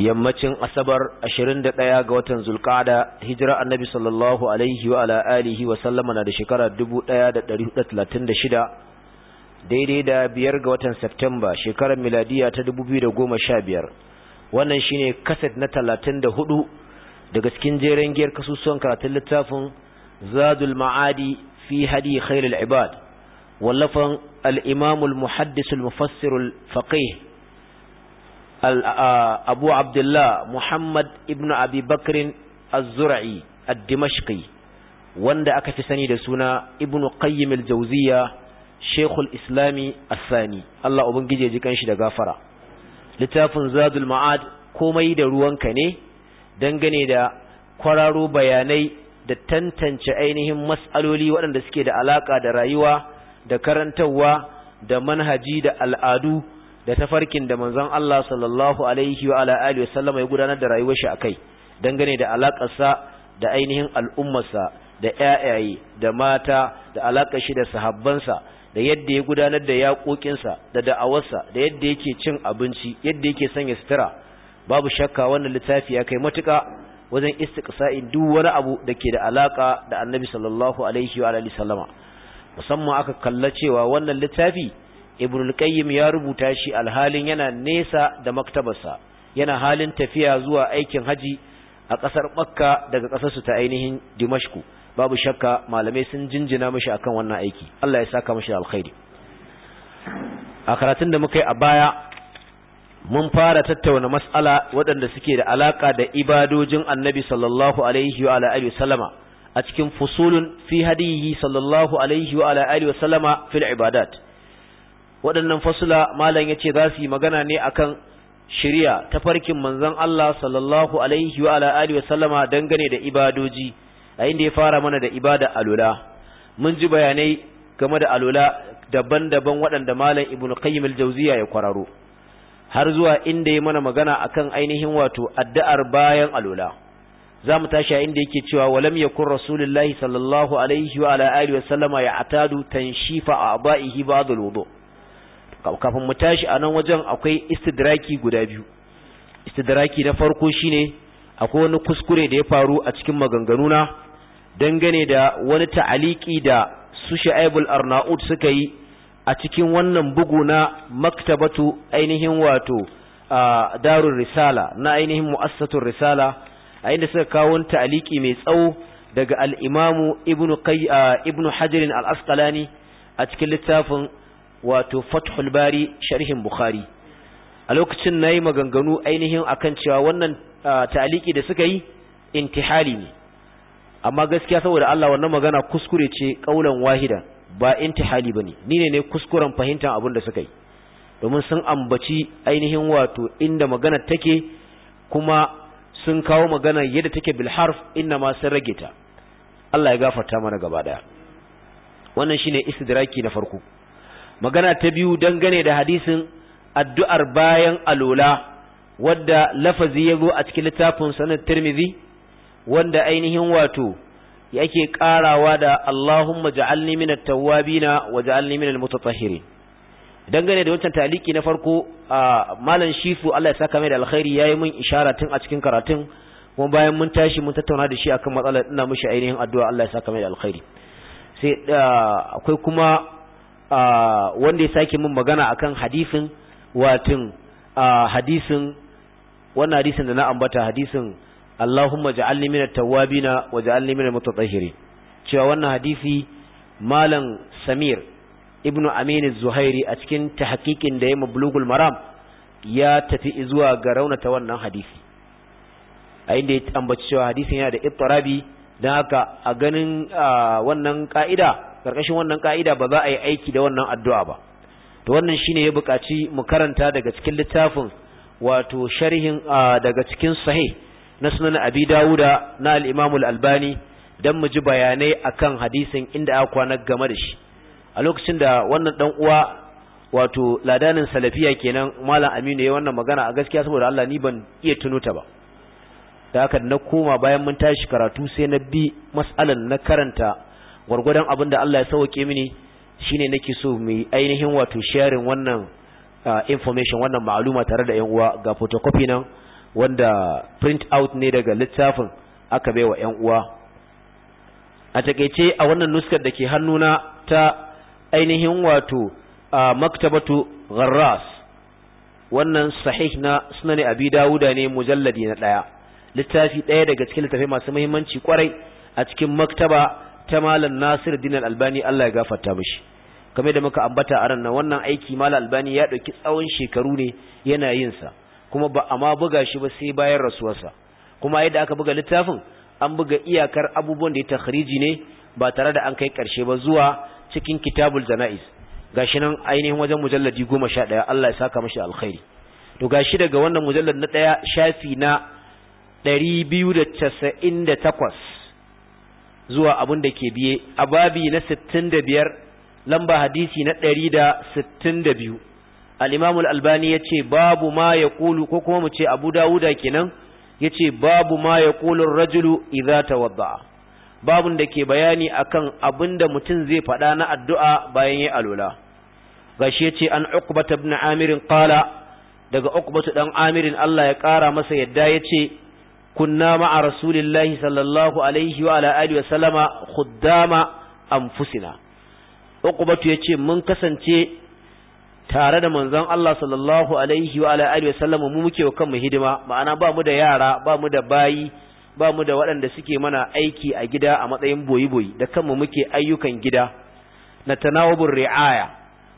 yammacin asabar 21 ga watan zulqa'ada hijira annabi sallallahu alaihi wa ala alihi wa sallama na da shekara 1436 daidai da biyar ga watan septemba shekarar miladiya ta 2015 wannan shine kaset na 34 daga cikin jeren giyar kasusuwan karatun littafin zadul ma'adi fi hadi khairul ibad wallafan al-imam al-muhaddis faqih Uh, abu abdullah muhammad ibn abi bakrin az-zura'i ad-dimashqi wanda aka fi sani da suna ibn qayyim al-jawziya shaykhul islami as-sani Allah ubangije ji kanshi da gafara littafin zadul ma'ad komai da ruwanka ne dangane da kwararo bayanai da tantance ainihin mas'aloli waɗanda suke da alaka da rayuwa da karantarwa da manhaji da al'adu da tafarkin da manzon Allah sallallahu alaihi wa ala alihi wasallam ya gudanar da rayuwar shi akai dangane da alakarsa da ainihin al'ummarsa da ƴaƴaye da mata da alakar shi da sahabbansa da yadda ya gudanar da yaƙoƙinsa da da'awarsa da yadda yake cin abinci yadda yake sanya sutura babu shakka wannan littafi ya kai matuƙa wajen istiqsa'in duk wani abu da ke da alaka da annabi sallallahu alaihi wa alihi sallama musamman aka kalla cewa wannan littafi ibnul qayyim ya rubuta shi alhalin yana nesa da maktabarsa yana halin tafiya zuwa aikin haji a ƙasar makka daga ƙasarsu ta ainihin dimashku babu shakka malamai sun jinjina mashi akan wannan aiki Allah ya saka mashi alkhairi a karatun da muka yi a baya mun fara tattauna mas'ala waɗanda suke da alaƙa da ibadojin annabi sallallahu alaihi wa alihi sallama a cikin fusulun fi hadihi sallallahu alaihi wa alihi sallama fil ibadat waɗannan fasula malam ya ce za su yi magana ne akan shirya ta farkin manzan Allah sallallahu alaihi wa ala alihi wasallama dangane da ibadoji a inda ya fara mana da ibada alula mun ji bayanai game da alula daban-daban waɗanda malam ibnu qayyim al ya kwararo har zuwa inda ya mana magana akan ainihin wato addu'ar bayan alula za mu tashi a inda yake cewa walam yakun rasulullahi sallallahu alaihi wa ala alihi wasallama ya atadu tanshifa a ba'ihi ba'dul wudu kafin mu tashi a nan wajen akwai istidraki guda biyu istidraki na farko shine akwai wani kuskure da ya faru a cikin maganganuna dangane da wani ta'aliki da su sha'ibul arnaud suka yi a cikin wannan bugu na maktabatu ainihin wato darul risala na ainihin mu'assatun risala a inda suka kawo wani ta'aliki mai tsawo daga al-imamu ibnu qayy ibnu hajar al-asqalani a cikin littafin wato fathul bari sharhin bukhari a lokacin nayi maganganu ainihin akan cewa wannan ta'aliki da suka yi intihali ne amma gaskiya saboda Allah wannan magana kuskure ce kaulan wahida ba intihali bane ni ne ne kuskuren fahimtar abin da suka yi domin sun ambaci ainihin wato inda magana take kuma sun kawo magana yadda take bil harf inna ma sun rage ta Allah ya gafarta mana gaba daya wannan shine istidraki na farko magana ta biyu dangane da hadisin addu'ar bayan alola wadda lafazi ya zo a cikin littafin sanar tirmizi wanda ainihin wato yake karawa da Allahumma ja'alni minat tawwabina wa ja'alni minal mutatahhirin dangane da wancan taliki na farko malam shifu Allah ya saka mai da alkhairi yayi mun ishara tun a cikin karatun kuma bayan mun tashi mun tattauna da shi akan matsalar ina mishi ainihin addu'a Allah ya saka mai da alkhairi sai akwai kuma wanda ya sake min magana akan hadisin watin hadisin wannan hadisin da na ambata hadisin Allahumma ja'alni at tawwabina wa ja'alni al mutatahhirin cewa wannan hadisi malam Samir ibnu Amin zuhairi a cikin tahqiqin da ya Bulugul maram ya tafi zuwa ga raunata wannan hadisi a inda ya ambaci cewa hadisin yana da ittirabi don haka a ganin wannan ka'ida karkashin wannan ka'ida ba za a yi aiki da wannan addu'a ba to wannan shine ya buƙaci mu karanta daga cikin littafin wato sharhin daga cikin sahih na sunan abi dawuda na al albani dan mu ji bayanai akan hadisin inda aka kwana game da shi a lokacin da wannan dan uwa wato ladanin salafiya kenan malam aminu yi wannan magana a gaskiya saboda Allah ni ban iya tunuta ba da haka na koma bayan mun tashi karatu sai na bi mas'alan na karanta gwargwadon abin da Allah ya sauke mini shine nake so mu ainihin wato sharing wannan ah, information wannan ma'aluma tare da yan uwa ga photocopy nan wanda print out ne daga littafin aka baiwa yan uwa a takeice a wannan nuskar da ke hannuna ta ainihin wato ah, maktabatu gharras wannan sahih na sunan abi dawuda ne mujalladi na daya littafi ɗaya daga cikin littafai masu muhimmanci kwarai a cikin maktaba ta malam Nasiru Din Albani Allah ya gafarta mishi kame da muka ambata a ranar wannan aiki malam Albani ya ɗauki tsawon shekaru ne yana yin sa kuma ba a ma buga shi ba sai bayan rasuwarsa kuma yadda aka buga littafin an buga iyakar abubuwan da ya takhriji ne ba tare da an kai karshe ba zuwa cikin kitabul janaiz gashi nan ainihin wajen mujalladi ɗaya Allah ya saka mashi alkhairi to gashi daga wannan mujallar na ɗaya shafi na ɗari biyu da casa'in da takwas zuwa abin da ke biye a babi na sittin da biyar lamba hadisi na ɗari da sittin da biyu al'imamul albani ya ce babu ma ya kulu ko kuma mu ce abu dawuda kenan ya ce babu ma ya kulun rajulu ta wadda. babun da ke bayani akan abin da mutum zai faɗa na addu'a bayan ya alola gashi ya ce an ukubata na amirin kala daga ukubata ɗan amirin Allah ya ƙara masa yadda ya ce kunna ma'a rasulillahi sallallahu alaihi wa ala alihi wa sallama khuddama anfusina uqbatu yace mun kasance tare da manzon Allah sallallahu alaihi wa ala alihi wa sallama mu muke wa kanmu hidima ma'ana ba mu da yara ba mu da bayi ba mu da waɗanda suke mana aiki a gida a matsayin boyi-boyi da kanmu muke ayyukan gida na tanawubur ri'aya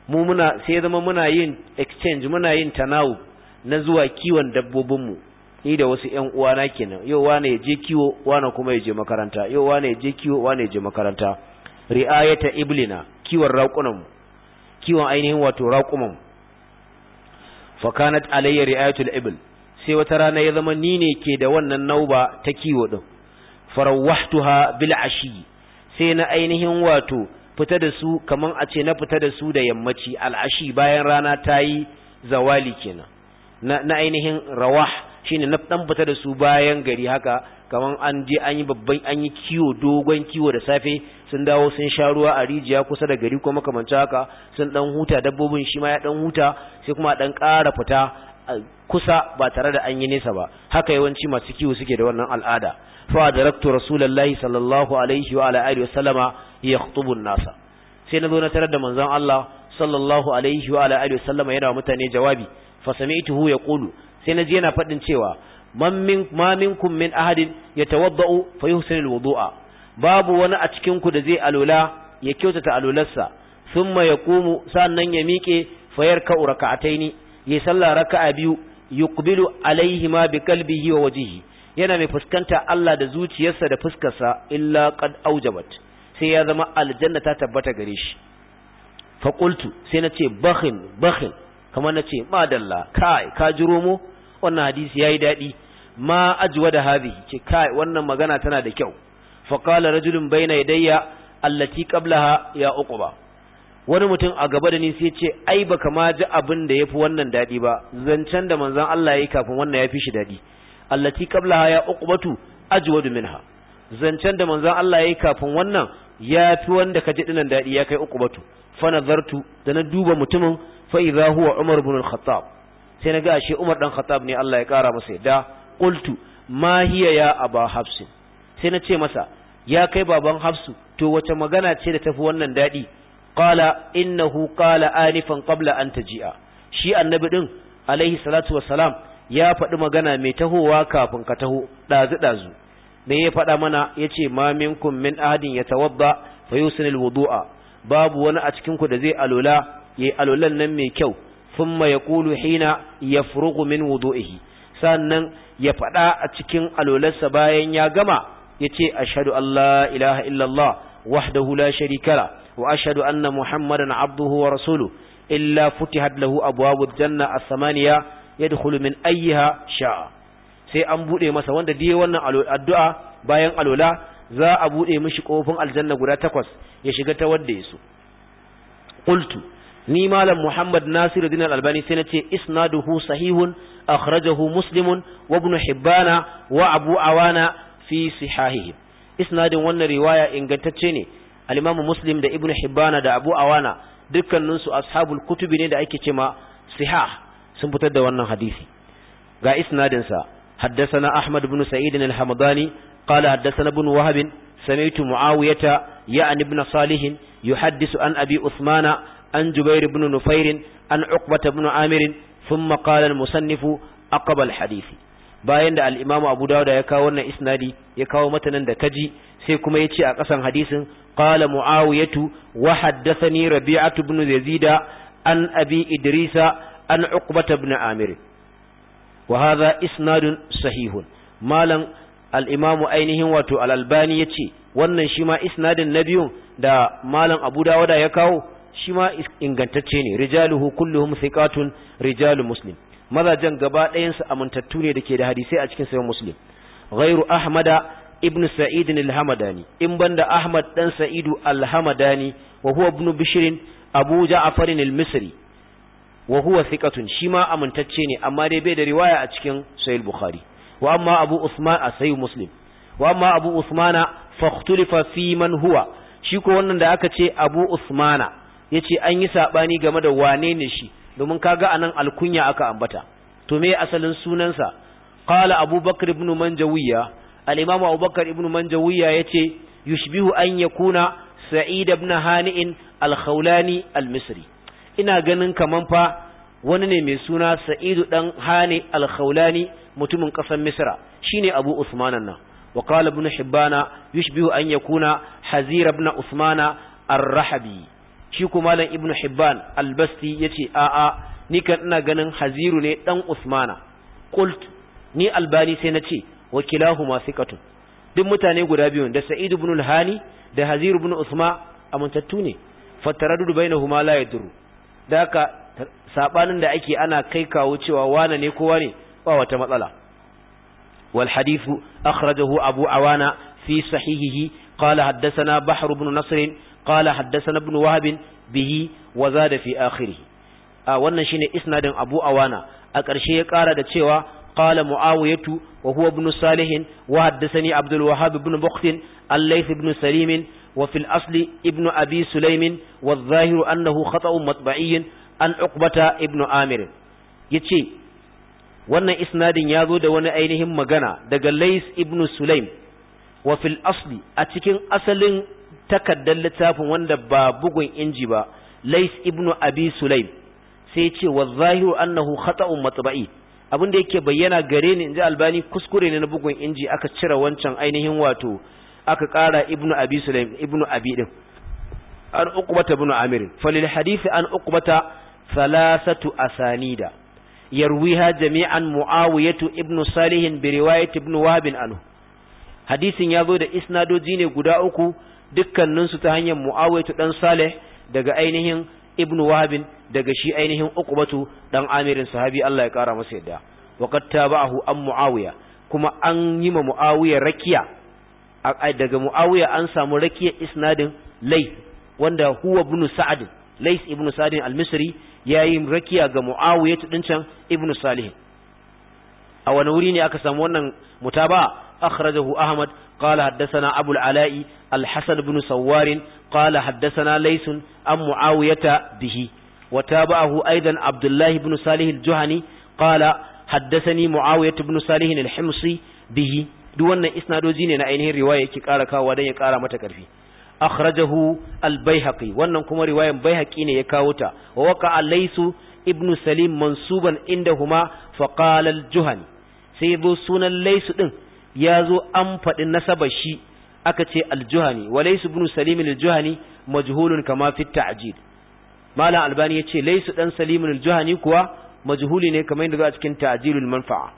mu muna sai zama muna yin exchange muna yin tanawub na zuwa kiwon dabbobinmu ni da wasu ƴan uwana kenan yau wane ya je kiwo wane kuma ya je makaranta yau wane ya je kiwo wane ya je makaranta ri'ayata iblina kiwon raƙunan kiwon ainihin wato raƙuman fa kanat alayya ri'ayatul ibl sai wata rana ya zama ni ne ke da wannan nauba ta kiwo din farawahtuha bil ashi sai na ainihin wato fita da su kaman a ce na fita da su da yammaci al ashi bayan rana ta yi zawali kenan na, na ainihin rawah shine na ɗan fita da su bayan gari haka kaman an je an yi babban an yi kiwo dogon kiwo da safe sun dawo sun sha ruwa a rijiya kusa da gari kuma makamancin haka sun dan huta dabbobin shi ma ya dan huta sai kuma dan ƙara fita kusa ba tare da an yi nesa ba haka yawanci masu kiwo suke da wannan al'ada fa daraktu rasulullahi sallallahu alaihi wa alihi wa sallama yakhtubu nasa sai na zo na tarar da manzon Allah sallallahu alaihi wa alihi wa sallama yana mutane jawabi fa sami'tuhu yaqulu sai naji yana faɗin cewa man min ma minkum min ahadin yatawaddau fa yuhsin alwudu'a babu wani a cikin ku da zai alula ya kyautata alularsa thumma yaqumu sannan ya miƙe yarka rak'ataini yayi sallah raka'a biyu yuqbilu ma bi qalbihi wa wajhihi yana mai fuskanta Allah da zuciyarsa da fuskarsa illa qad aujabat sai ya zama aljanna ta tabbata gare shi fa qultu sai nace bakhin bakhin kamar nace madalla kai ka jiro mu wannan hadisi yayi dadi ma ajwa da hadhihi ce kai wannan magana tana da kyau fa qala rajulun bayna yadayya allati qablaha ya uquba wani mutum a gaba da ni sai ce ai baka ma ji abin da yafi wannan dadi ba zancen da manzon Allah yayi kafin wannan yafi shi dadi allati qablaha ya uqbatu ajwadu minha zancen da manzon Allah yayi kafin wannan yafi wanda ka ji dinan dadi ya kai uqbatu fa nazartu da na duba mutumin fa idza huwa umar ibn al-khattab sai na ga ashe Umar dan Khattab ne Allah ya kara masa yadda qultu ma hiya ya aba hafs sai na ce masa ya kai baban hafsu to wace magana ce da tafi wannan dadi qala innahu qala anifan qabla an taji'a shi annabi din alaihi salatu wassalam ya faɗi magana mai tahowa kafin ka taho ɗazu ɗazu me ya faɗa mana ya ce ma minkum min ahadin ya tawadda fa wudu'a babu wani a cikin ku da zai alola yayi alolan nan mai kyau ya yaqulu hina yafrughu min wudu'ihi sannan ya faɗa a cikin alolarsa bayan ya gama yace ashadu an la ilaha illallah wahdahu la sharika wa ashhadu anna muhammadan abduhu wa rasuluhu illa futihat lahu abwabul janna a samaniya yadkhulu min ayyiha sha'a sai an buɗe masa wanda dai wannan addu'a bayan alola za a buɗe mishi kofin aljanna guda takwas ya shiga ta wanda yaso qultu ni malam Muhammad Nasiru Dinar Albani sai nace isnaduhu sahihun akhrajahu muslimun wa ibn hibbana wa abu awana fi sihahihi isnadin wannan riwaya ingantacce ne al-imamu muslim da ibn hibbana da abu awana dukkaninsu ashabul kutubi ne da ake ce ma sihah sun fitar da wannan hadisi ga isnadin sa حدثنا أحمد بن سعيد الحمداني قال حدثنا بن وهب سمعت معاوية يعني salihin صالح يحدث عن أبي أثمان an jubair ibn nufair an uqbata ibn amir thumma qala al-musannif aqaba bayan da al'imamu imamu abu dawud ya kawo wannan isnadi ya kawo matanan da kaji sai kuma ya ce a ƙasan hadisin qala muawiyatu wa haddathani rabi'atu ibn yazida an abi idrisa an uqbata ibn amir wa hadha isnadun sahihun malam al'imamu ainihin wato al'albani ya ce wannan shi ma isnadin na biyun da malam abu dawada ya kawo shi ma ingantacce ne rijaluhu kulluhum thiqatun rijalu muslim mazajen gaba ɗayan su amintattu ne dake da hadisi a cikin sahih muslim ghairu ahmada ibn sa'id al-hamadani in banda ahmad dan sa'idu al-hamadani wa huwa ibn bishr abu ja'far al-misri wa huwa thiqatun shi ma amintacce ne amma dai bai da riwaya a cikin sahih bukhari wa amma abu usman a sahih muslim wa amma abu usmana fa ikhtalafa fi man huwa shi ko wannan da aka ce abu usmana yace an yi saɓani game da wane ne shi domin kaga anan alkunya aka ambata to me asalin sunansa qala abubakar ibn manjawiya al-imam abubakar ibn manjawiya yace yushbihu an yakuna sa'id ibn hani'in al-khawlani al-misri ina ganin kaman fa wani ne mai suna sa'idu dan hani al-khawlani mutumin ƙasar misra shine abu usmanan nan wa qala ibn hibbana yushbihu an yakuna hazir ibn usmana ar-rahabi shi kuma malam ibn hibban albasti yace ce a'a ni kan ina ganin haziru ne dan usmana qult ni albani sai na ce wakilahuma thiqatun duk mutane guda biyun da sa'id ibn al-hani da haziru ibn usma amintattu ne na huma la yadru da haka saɓanin da ake ana kai kawo cewa wane ne kowa ne ba wata matsala wal hadithu akhrajahu abu awana fi sahihihi qala haddathana bahr ibn nasr قال حدثنا ابن وهب به وزاد في آخره آه wannan shine isnadin Abu Awana a ƙarshe ya ƙara da cewa qala muawiyatu wa huwa ibn salih wa haddathani abdul wahhab ibn bukht al-layth ibn salim wa fil asli ibn abi sulaym wa adh annahu khata'un matba'iy an uqbata ibn amir yace wannan isnadin ya zo da wani ainihin magana daga lays ibn sulaym wa fil asli a cikin asalin takardar littafin wanda ba bugun inji ba lais ibnu abi sulaim sai ce wa zahiru annahu khata'un matba'i abin da yake bayyana gare ni inji albani kuskure ne na bugun inji aka cire wancan ainihin wato aka kara ibnu abi sulaim ibnu abi din an uqbata ibnu amir falil hadisi an uqbata thalathatu asanida yarwiha jami'an muawiyatu ibnu Salihin bi riwayat ibnu wahb anhu hadisin ya zo da isnadoji ne guda uku dukkaninsu ta hanyar mu'awaitu dan Saleh daga ainihin ibn wahabin daga shi ainihin uqbatu dan amirin sahabi Allah ya kara masa yadda wa qad tabahu an muawiya kuma an yi ma muawiya rakiya daga muawiya an samu rakiya isnadin lais wanda huwa ibn sa'd lais ibn sa'd al-misri yayi rakiya ga muawiya tudin can ibn salih a wani wuri ne aka samu wannan mutaba أخرجه أحمد قال حدثنا أبو العلاء الحسن بن سوار قال حدثنا ليس أم معاوية به وتابعه أيضا عبد الله بن صالح الجهني قال حدثني معاوية بن صالح الحمصي به دون إسنادوزين أين عينه الرواية كقال كاودين يقال متكرفي akhrajahu al-baihaqi wannan kuma riwayan baihaqi ne ya kawo ta wa waqa alaysu ibn salim mansuban indahuma fa qala al-juhani sai yazo sunan laysu din ya zo an faɗi nasabar shi aka ce aljuhani wa laysu ibn salim aljuhani majhulun kama fi ta'jil malam albani ya ce laisu dan salim aljuhani kuwa majhuli ne kamar yadda zo a cikin ta'jilul manfa'a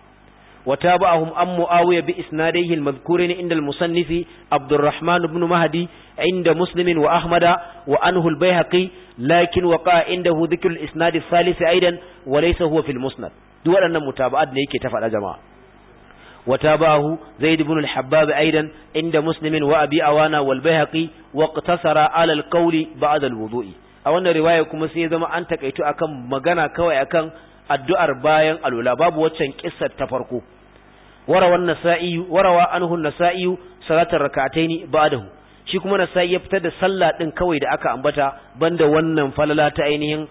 wa tabi'ahum an muawiya bi isnadaihi almadhkurin inda almusannifi abdurrahman ibn mahdi inda muslim wa ahmada wa anhu albayhaqi lakin waqa indahu dhikr alisnad athalith aidan wa laysa huwa fi almusnad duk waɗannan mutaba'at ne yake ta faɗa jama'a وتابعه زيد بن الحباب أيضا عند مسلم وأبي أوانا والبيهقي واقتصر على القول بعد الوضوء أولا رواية كما سيزم أن تكيتو أكم مغانا كوي أكم الدؤر باين الولا باب واتشان كسة تفرقو وروى النسائي وروى أنه النسائي صلاة الركعتين بعده shi kuma na sai ya fitar da sallah din kawai da aka ambata banda wannan falala ta ainihin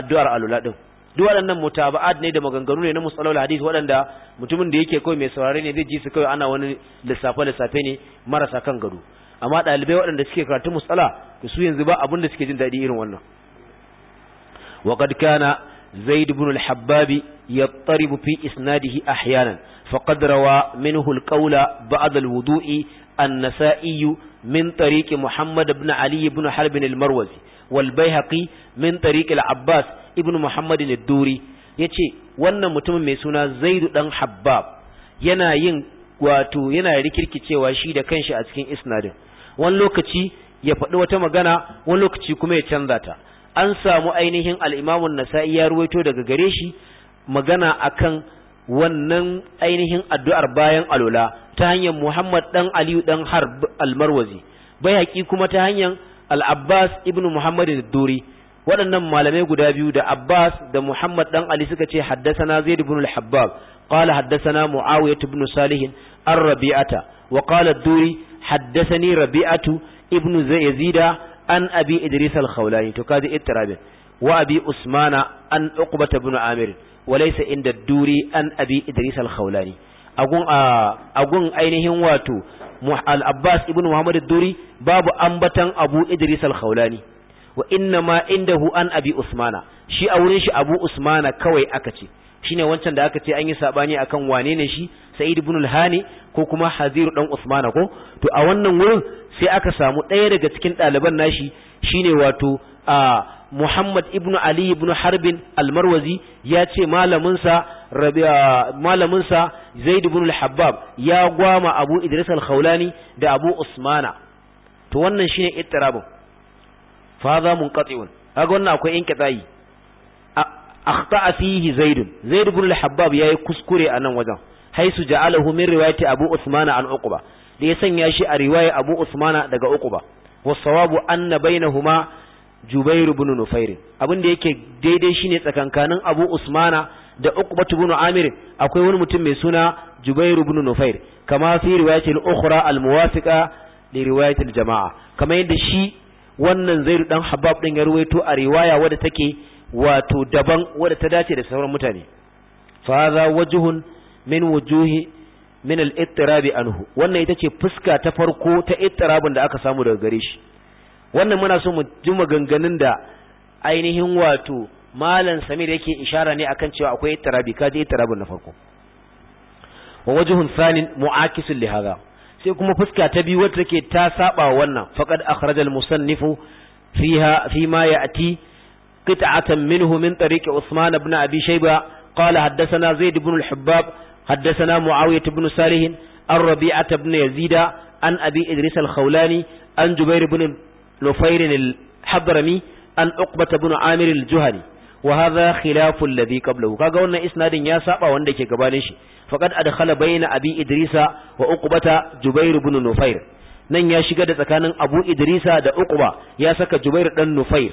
addu'ar alula din duk waɗannan mutaba'at ne da maganganu ne na musalolul hadith waɗanda mutumin da yake kawai mai saurare ne zai ji su kawai ana wani lissafe lissafe ne marasa kan gado amma ɗalibai waɗanda suke karatu musala su yanzu ba abin da suke jin daɗi irin wannan wa qad kana zaid ibn al-habbab yattaribu fi isnadihi ahyanan faqad rawa minhu al-qawla ba'd al-wudu'i an-nasa'i min tariqi muhammad ibn ali ibn harb al-marwazi wal bayhaqi min tariqi al-abbas ibn Muhammad al-Duri ce wannan mutumin mai suna Zaidu dan Habbab yana yin wato yana rikirkicewa shi da kanshi a cikin isnadin wani lokaci ya faɗi wata magana wani lokaci kuma ya canza ta an samu ainihin al nasai ya ruwaito daga gare shi magana akan wannan ainihin addu'ar bayan alola ta hanyar Muhammad dan Aliyu dan Harb al-Marwazi kuma ta hanyar al-Abbas ibn Muhammad al-Duri waɗannan malamai guda biyu da Abbas da Muhammad dan Ali suka ce haddasana Zaid ibn al-Habbab qala haddasana Muawiyah ibn Salih ar-Rabi'ata wa qala ad-Duri haddasani Rabi'atu ibn Yazid an Abi Idris al-Khawlani to kaji ittirabin wa Abi Usmana an Uqbah ibn Amir wa laysa inda ad-Duri an Abi Idris al-Khawlani agun agun ainihin wato al-Abbas ibn Muhammad ad-Duri babu ambatan Abu Idris al-Khawlani wa inna ma indahu an abi usmana shi a wurin shi abu usmana kawai aka ce shine wancan da aka ce an yi sabani akan wane ne shi sa'id ibn al-hani ko kuma haziru dan usmana ko to a wannan wurin sai aka samu ɗaya daga cikin ɗaliban nashi shine wato a Muhammad ibn Ali ibn Harbin Almarwazi marwazi ya ce malaminsa malaminsa Zaid ibn al-Habbab ya gwama Abu Idris al-Khawlani da Abu Usmana to wannan shine ittirabun fa za munqati'un kaga wannan akwai inqita'i akhta'a fihi zaid zaid ibn al-habbab yayi kuskure a nan wajen haisu ja'alahu min riwayati abu usmana an uqba da ya sanya shi a riwaya abu usmana daga uqba wasawabu anna bainahuma jubairu ibn nufair abin da yake daidai shine tsakankanin abu usmana da uqbatu ibn amir akwai wani mutum mai suna jubairu ibn nufair kama fi riwayati al-ukhra al-muwafiqa li riwayati al-jama'a kama yadda shi wannan zaidu dan habab din ya ruwaito a riwaya wadda take wato daban wadda ta dace da sauran mutane fa za wajhun min wujuhi min al ittirab anhu wannan ita ce fuska ta farko ta ittirabin da aka samu daga gare shi wannan muna so mu ji maganganun da ainihin wato malam samir yake ishara ne akan cewa akwai ittirabi kaji ittirabin na farko wa wajhun thanin mu'akisun li hadha sai kuma fuska ta biyu wadda take ta saba wannan faqad akhrajal musannifu fiha fima yaati qita'atan minhu min tariq usman ibn abi shayba qala haddathana zaid ibn al hubab haddathana muawiyah ibn salih ar rabi'ah ibn yazid an abi idris al an jubairu ibn lufair al an uqba ibn amir al wa hadha khilafu alladhi qablahu kaga wannan isnadin ya saba wanda ke gabanin shi faqad adkhala bayna abi idrisa wa uqbata jubair ibn nufair nan ya shiga da tsakanin abu idrisa da uqba ya saka jubair dan nufair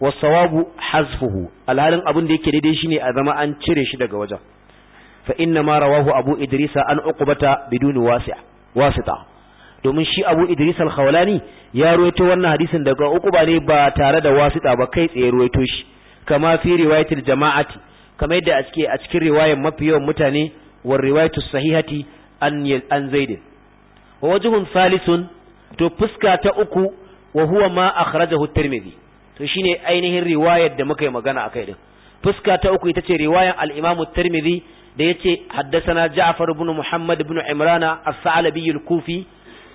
wasawabu hazfuhu alhalin abin da yake daidai shine a zama an cire shi daga wajen fa inna ma rawahu abu idrisa an uqbata bidun wasi'a wasita domin shi abu idris al-khawlani ya ruwaito wannan hadisin daga uqba ne ba tare da wasita ba kai tsaye ruwaito shi kama fi riwayatil jama'ati kama yadda ake a cikin riwayar mafi yawan mutane war riwayatu sahihati an an zaid wa wajhun thalithun to fuska ta uku wa huwa ma akhrajahu at-tirmidhi to shine ainihin riwayar da muka yi magana akai din fuska ta uku ita ce riwayar al-imamu at-tirmidhi da yace haddathana ja'far ibn muhammad ibn imrana as-sa'labi al-kufi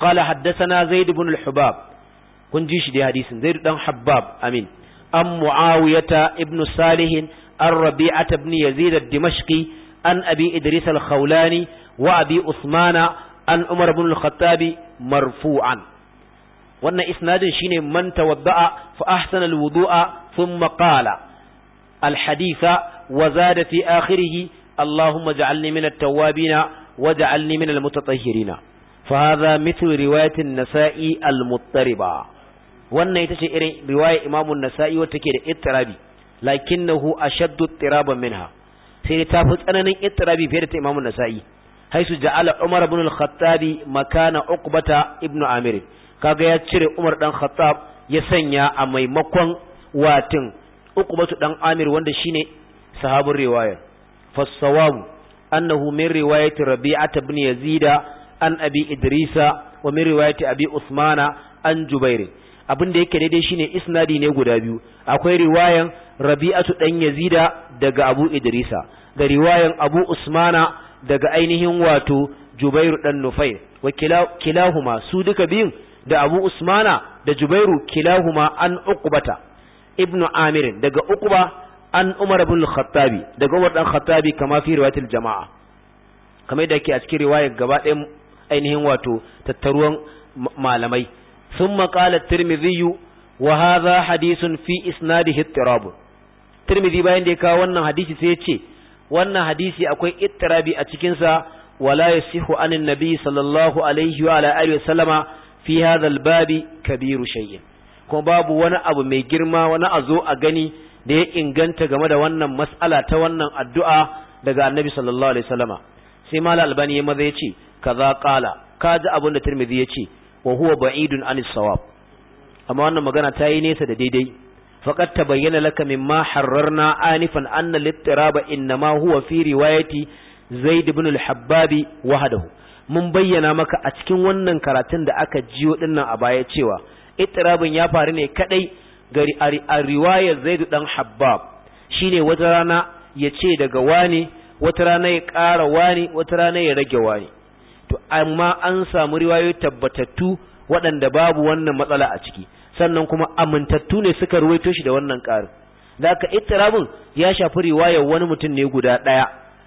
qala haddathana zaid ibn al-hubab kun ji shi da hadisin zaid dan habbab amin an mu'awiyata ibn salihin an rabi'ata ibn yazid ad-dimashqi an abi idris al-khawlani wa abi usmana an umar ibn al-khattab marfu'an wannan isnadin shine man tawadda'a fa ahsana al-wudu'a thumma qala الحديث وزاد في آخره اللهم اجعلني من التوابين واجعلني من المتطهرين فهذا مثل رواية النساء المضطربة wannan ita ce irin riwaya imamun nasa'i wata ke da ittirabi a shaddu ittiraban minha sai ta fi tsananin ittirabi fiye da ta imamun nasa'i haisu ja'ala umar ibn al-khattabi makana uqbata ibn amir kaga ya cire umar dan khattab ya sanya a maimakon watin uqbatu dan amir wanda shine sahabin riwayar fasawabu annahu min riwayati rabi'ata ibn yazida an abi idrisa wa min riwayati abi usmana an jubairi. abin da yake daidai shine isnadi ne guda biyu akwai riwayan rabi'atu dan yazida daga abu idrisa da riwayan abu usmana daga ainihin wato jubairu dan nufair wa kilahuma su duka biyun da abu usmana da jubairu kilahuma an uqbata ibnu amir daga uqba an umar ibn khattabi daga umar dan khattabi kama fi riwayatil jama'a kamar da yake a cikin riwayar gaba ɗayan ainihin wato tattaruwan malamai ثم قال الترمذي وهذا حديث في إسناده اضطراب الترمذي باين ya kawo wannan hadisi sai yace wannan hadisi akwai ittirabi a cikin sa wala yasihu an annabi sallallahu alaihi wa ala wa wasallama fi hadha albabi kabiru shay'in kuma babu wani abu mai girma wani azo a gani da ya inganta game da wannan mas'ala ta wannan addu'a daga annabi sallallahu alaihi wasallama sai mal albani ya maza yace kaza qala kaji abin da tirmidhi ce wa huwa ba'idun anis sawab amma wannan magana ta yi nesa da daidai faqad tabayyana laka mimma harrarna anifan anna littiraba inma huwa fi riwayati zaid ibn al-habbabi wahdahu mun bayyana maka a cikin wannan karatun da aka jiyo dinnan a baya cewa ittirabin ya faru ne kadai gari a riwayar zaid dan habbab shine wata rana ya ce daga wani wata rana ya kara wani wata rana ya rage wani to amma an samu riwayoyi tabbatattu waɗanda babu wannan matsala a ciki sannan kuma amintattu ne suka ruwaito shi da wannan ƙarin da aka ittirabin ya shafi riwayar wani mutum ne guda ɗaya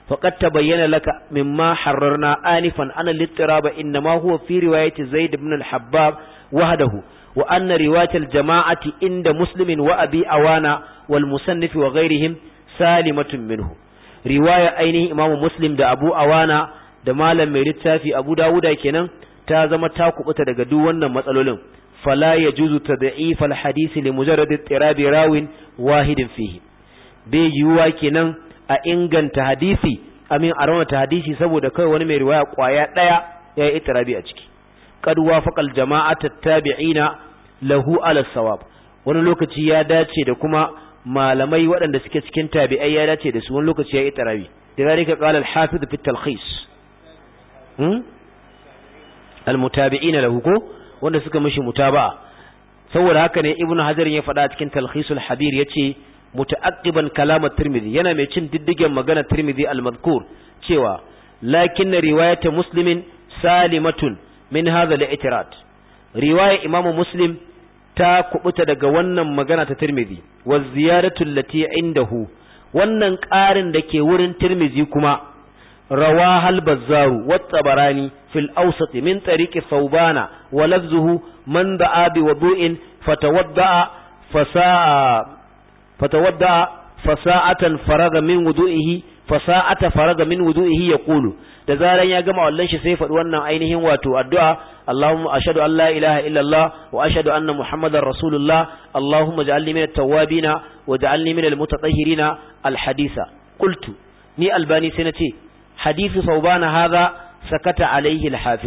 faqad tabayyana laka mimma harrarna anifan ana littiraba innama huwa fi riwayati zaid ibn al-habbab wahdahu wa anna riwayat jamaati inda muslimin wa abi awana wal musannif wa ghayrihim salimatun minhu riwaya ainihin imamu muslim da abu awana da malam mai littafi abu dawuda kenan ta zama ta kubuta daga duk wannan matsalolin fala yajuzu tad'if alhadisi li mujarrad ittirabi rawin wahidin fihi bai yiwuwa kenan a inganta hadisi amin a ta hadisi saboda kai wani mai riwaya kwaya daya ya yi ittirabi a ciki qad wafaqa aljama'atu tabi'ina lahu ala sawab wani lokaci ya dace da kuma malamai waɗanda suke cikin tabi'ai ya dace da su wani lokaci ya yi ittirabi da zalika qala al fi talkhis Hmm? almutabi'ina lahu ko wanda suka mishi mutaba'a saboda haka ne ibnu hajar ya faɗa cikin talhisul hadir yace muta'aqqiban kalamar tirmidhi yana mai cin diddigen magana tirmidhi al-madhkur cewa lakin riwayatu muslimin salimatun min hadha al-i'tirad riwaya imamu muslim ta kubuta daga wannan magana ta tirmidhi wa ziyadatu allati indahu wannan ƙarin da ke wurin tirmidhi kuma رواه البزار والطبراني في الأوسط من طريق ثوبان ولفظه من دعا بوضوء فتودع فساء فتودع فساعة فرغ من وضوئه fasa'ata faraga min wudu'ihi yaqulu da zaran ya gama wallan shi sai faɗi wannan ainihin wato addu'a Allahumma ashhadu an la ilaha illa Allah wa ashhadu anna Muhammadar Rasulullah Allahumma ja'alni minat tawwabina wa ja'alni minal mutatahhirina alhadisa qultu ni albani sai ce. ba na haza sakata alaihi al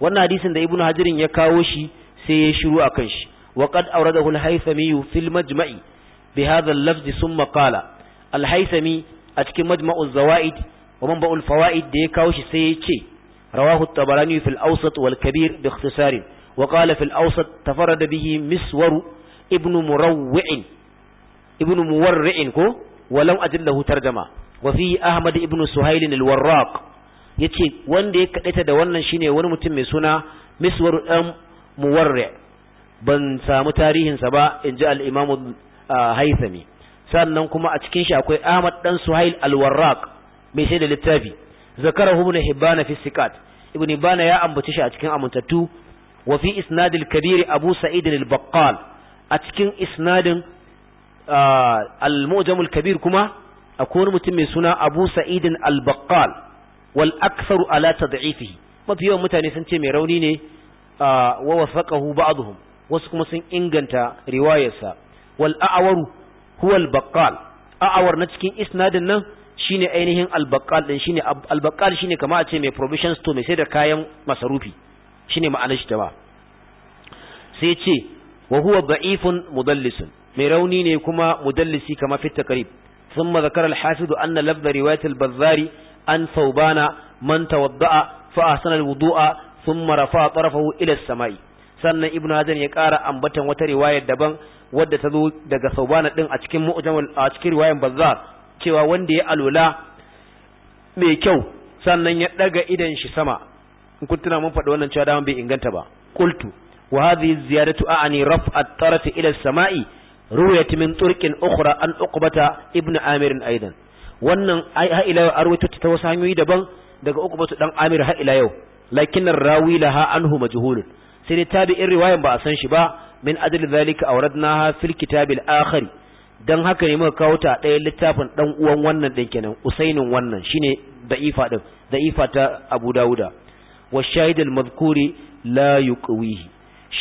wannan hadisin da ibnu hajirin ya kawo shi sai ya shiru akan shi wa qad awradahu al-haythami fil majma'i bi hadha al thumma qala a cikin majma'u zawaid wa manba'ul fawaid da ya kawo shi sai ya ce rawahu at-tabarani fil awsat wal kabir bi ikhtisar wa qala fil awsat tafarrada bihi miswaru ibnu murawwi'in ibnu muwarri'in ko walau ajillahu tarjama Wafi ahmad ibn suhail al ya ce wanda ya kadaita da wannan shine wani mutum mai suna miswar dan muwarri ban samu tarihinsa sa ba inji al-imam ah, haythami sannan kuma a cikin shi akwai ahmad ɗan suhail Alwarrak mai sai da littafi Zakara ibn Hibana Fisikat sikat ibn hibban ya ambace shi a cikin amintattu wa fi kabir abu sa'id al a cikin isnadin ah, al-mu'jam kabir kuma akwai wani mutum mai suna Abu Sa'idin al wal aktharu ala tad'ifihi mafi yawan mutane sun ce mai rauni ne wa wasaqahu ba'dhum wasu kuma sun inganta riwayarsa wal a'waru huwa al-Baqqal a'war na cikin isnadin nan shine ainihin al-Baqqal din shine al-Baqqal shine kamar a ce mai provision store mai sai da kayan masarufi shine ma'anar shi ta ba sai ce wa huwa da'ifun mudallisun mai rauni ne kuma mudallisi kama fit takrib ثم ذكر الحافظ أن لفظ رواية البذاري أن ثوبان من توضأ فأحسن الوضوء ثم رفع طرفه إلى السماء sannan ibnu hajar ya ƙara ambatan wata riwaya daban wadda ta zo daga saubana din a cikin mu'jamul a cikin riwayar bazzar cewa wanda ya alula mai kyau sannan ya daga idan shi sama in kun tuna mun faɗi wannan cewa dama bai inganta ba qultu wa hadhihi ziyadatu a'ani raf'a at ila as-sama'i ruwayat min turqin ukhra an uqbata ibnu amir aidan wannan ai ha ila arwayta ta wasu hanyoyi daban daga uqbatu dan amir ha yau lakin rawi laha anhu majhul sai dai tabi'in riwayan ba a san shi ba min ajli zalika na fil kitabil akhir dan haka ne maka kawata a ɗaya littafin ɗan uwan wannan din kenan usainin wannan shine da'ifa ta abu dauda wa shahidul madhkuri la yuqwihi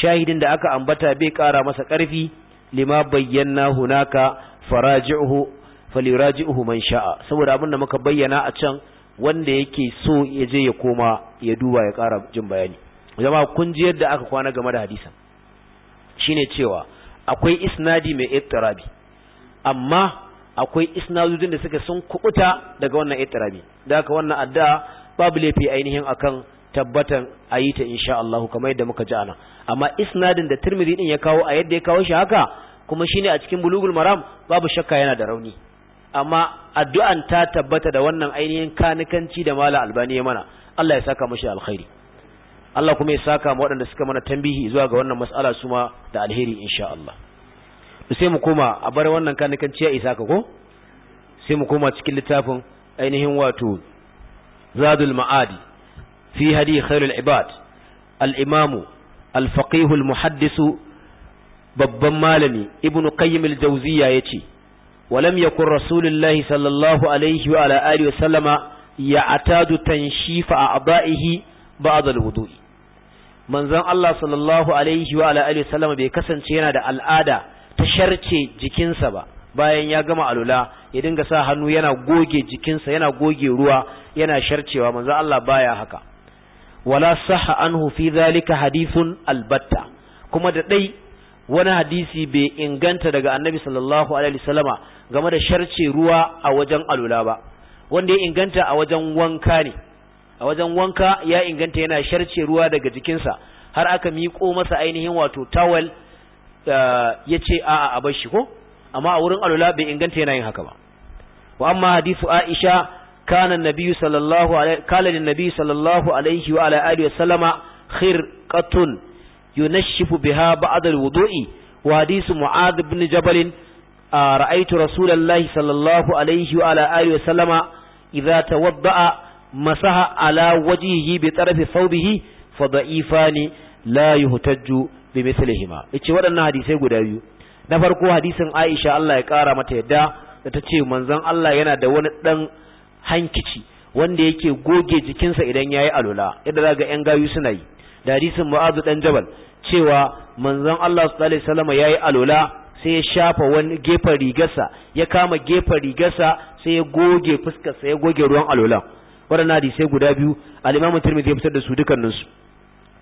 shahidin da aka ambata bai kara masa ƙarfi lima bayyana hunaka faraji'uhu faliraji'uhu man sha'a saboda abin da muka bayyana a can wanda yake so ya je ya koma ya duba ya kara jin bayani zama kun ji yadda aka kwana game da hadisan shine cewa akwai isnadi mai ittirabi amma akwai isnadudin da suka sun kubuta daga wannan ittirabi da haka wannan addu'a babu laifi ainihin akan tabbatan a yi ta insha Allah kamar yadda muka ji ana amma isnadin da tirmidhi din ya kawo a yadda ya kawo shi haka kuma shine a cikin bulugul maram babu shakka yana da rauni amma addu'an ta tabbata da wannan ainihin kanikanci da mala albani ya mana Allah ya saka mashi alkhairi Allah kuma ya saka mu waɗanda suka mana tambihi zuwa ga wannan mas'ala su ma da alheri insha Allah sai mu koma a bar wannan kanikanci ya isa ka ko sai mu koma cikin littafin ainihin wato zadul ma'adi fi hadi khairul ibad al-imamu al-faqih babban malami ibnu qayyim al-jawziya yace ولم يكن رسول الله صلى الله عليه وعلى آله وسلم يعتاد تنشيف أعضائه بعض الوضوء manzon Allah sallallahu alaihi wa ala alihi sallama bai kasance yana da al'ada ta sharce jikinsa ba bayan ya gama alula ya dinga sa hannu yana goge jikinsa yana goge ruwa yana sharcewa manzon Allah baya haka wala saha anhu fi dhalika hadithun albatta kuma da dai wani hadisi bai inganta daga annabi sallallahu alaihi wasallama game da sharce ruwa a wajen alula ba wanda ya inganta a wajen wanka ne a wajen wanka ya inganta yana sharce ruwa daga jikinsa har aka miƙo masa ainihin wato tawel eh, ya ce a'a a bar shi ko amma a wurin alula bai inganta yana yin haka ba wa amma hadisu aisha كان النبي صلى الله عليه قال للنبي صلى الله عليه وعلى آله وسلم خرقة ينشف بها بعض الوضوء وحديث معاذ بن جبل آه رأيت رسول الله صلى الله عليه وعلى آله وسلم إذا توضأ مسح على وجهه بطرف ثوبه فضعيفان لا يهتج بمثلهما ice waɗannan hadisai guda biyu na farko hadisin Aisha Allah ya ƙara mata yadda da ta ce manzon Allah yana da wani ɗan hankici wanda yake goge jikinsa idan ya yi alula yadda ga yan gayu suna yi da hadisin maazu dan jabal cewa manzon Allah sallallahu alaihi wasallam yayi alula sai ya shafa wani gefen rigarsa ya kama gefen rigarsa sai ya goge fuskarsa ya goge ruwan alolan waɗannan hadisai guda biyu al-Imam Tirmidhi fitar da su dukkanin su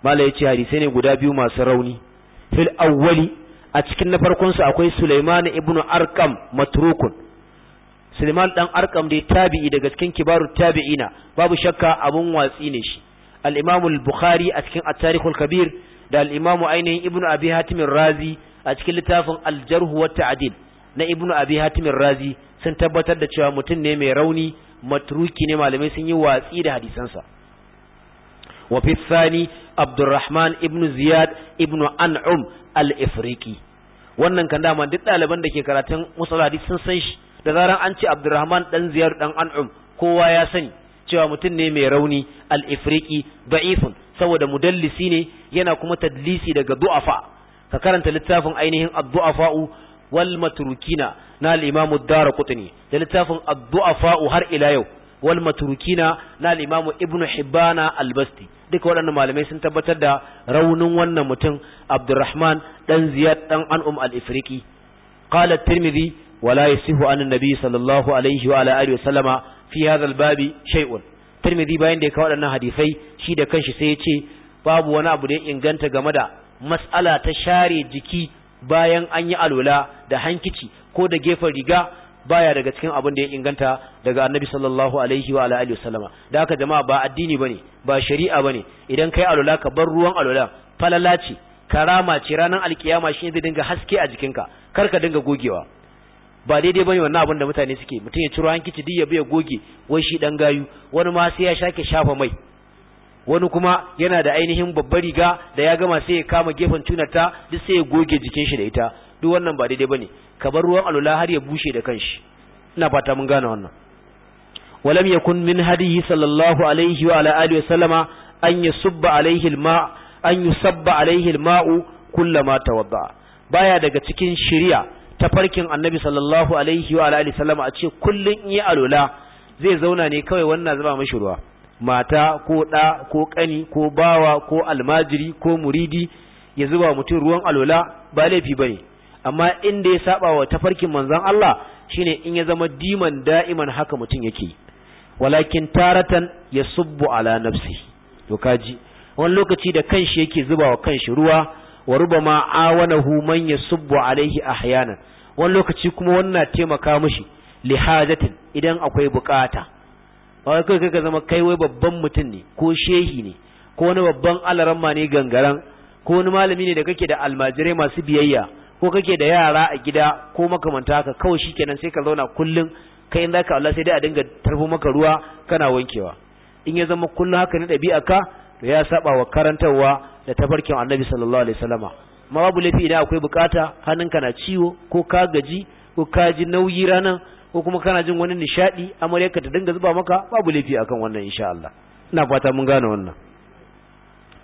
ya yace hadisai ne guda biyu masu rauni fil awwali a cikin na farkon su akwai Sulaiman ibn Arqam matrukun Suleiman dan Arkam dai tabi'i daga cikin kibarut tabi'ina babu shakka abun watsi ne shi al-Imam al-Bukhari a cikin at kabir da al-Imam ainihin Ibn Abi Hatim razi a cikin littafin al-Jarh wa Ta'dil na Ibn Abi Hatim razi sun tabbatar da cewa mutum ne mai rauni matruki ne malamai sun yi watsi da hadisansa wa fi thani Abdurrahman ibn Ziyad ibn An'um al-Ifriqi wannan kan dama duk ɗaliban da ke karatun musul hadis sun san shi da zaran an ce Abdurrahman dan Ziyar dan An'um kowa ya sani cewa mutum ne mai rauni al-ifriqi da'ifun saboda mudallisi ne yana kuma tadlisi daga du'afa ka karanta littafin ainihin ad-du'afa'u wal matrukina na al-Imam ad-Darqutni da littafin ad-du'afa'u har ila yau wal matrukina na al Ibnu Ibn Hibbana al-Basti duka waɗannan malamai sun tabbatar da raunin wannan mutum Abdurrahman dan Ziyad dan An'um al-Ifriqi qala at-Tirmidhi ولا يصح عن النبي صلى الله عليه وعلى اله وسلم في bayan da ya kawo wadannan hadisai shi da kanshi sai ya ce babu wani abu da ya inganta game da matsala ta share jiki bayan an yi alwala da hankici ko da gefen riga baya daga cikin abin da ya inganta daga annabi sallallahu alaihi wa alihi da haka jama'a ba addini bane ba shari'a bane idan kai alwala ka bar ruwan alwala falala ce karama ce ranar alkiyama ne zai dinga haske a jikinka kar ka dinga gogewa ba daidai bane wannan abin da mutane suke mutum ya ciro hankici duk ya biya goge wai shi dan gayu wani ma sai ya shake shafa mai wani kuma yana da ainihin babbar riga da ya gama sai ya kama gefen tunarta duk sai ya goge jikin shi da ita duk wannan ba daidai bane ka bar ruwan alula har ya bushe da kanshi ina fata mun gane wannan walam yakun min sallallahu alaihi wa ala alihi wa sallama an yusabba alaihi alma an yusabba alaihi alma'u kullama tawadda baya daga cikin shari'a tafarkin annabi sallallahu alaihi wa alihi sallama a ce kullun in yi alola zai zauna ne kawai wannan zama mashi ruwa mata ko ɗa ko kani ko bawa ko almajiri ko muridi ya zuba mutum ruwan alola ba laifi bane amma inda ya saba wa tafarkin manzon Allah shine in ya zama diman da'iman haka mutum yake walakin taratan yasubbu ala nafsi to kaji wani lokaci da kanshi yake zuba wa kanshi ruwa wa rubama awanahu man yasubbu alaihi ahyana wani lokaci kuma wannan taimaka mushi li hajatin idan akwai bukata ba wai kai ka zama kai wai babban mutum ne ko shehi ne ko wani babban alaramma ne gangaran ko wani malami ne da kake da almajirai masu biyayya ko kake da yara a gida ko makamanta haka kawai shikenan sai ka zauna kullun kai in zaka Allah sai dai a dinga tarbo maka ruwa kana wankewa in ya zama kullum haka ne ɗabi'a ka to ya saba wa karantarwa da tafarkin annabi sallallahu alaihi wasallama ma babu laifi idan akwai bukata hannunka na ciwo ko ka gaji ko ka ji nauyi ranan ko kuma kana jin wani nishadi amaryarka ta dinga zuba maka babu laifi akan wannan insha Allah ina fata mun gane wannan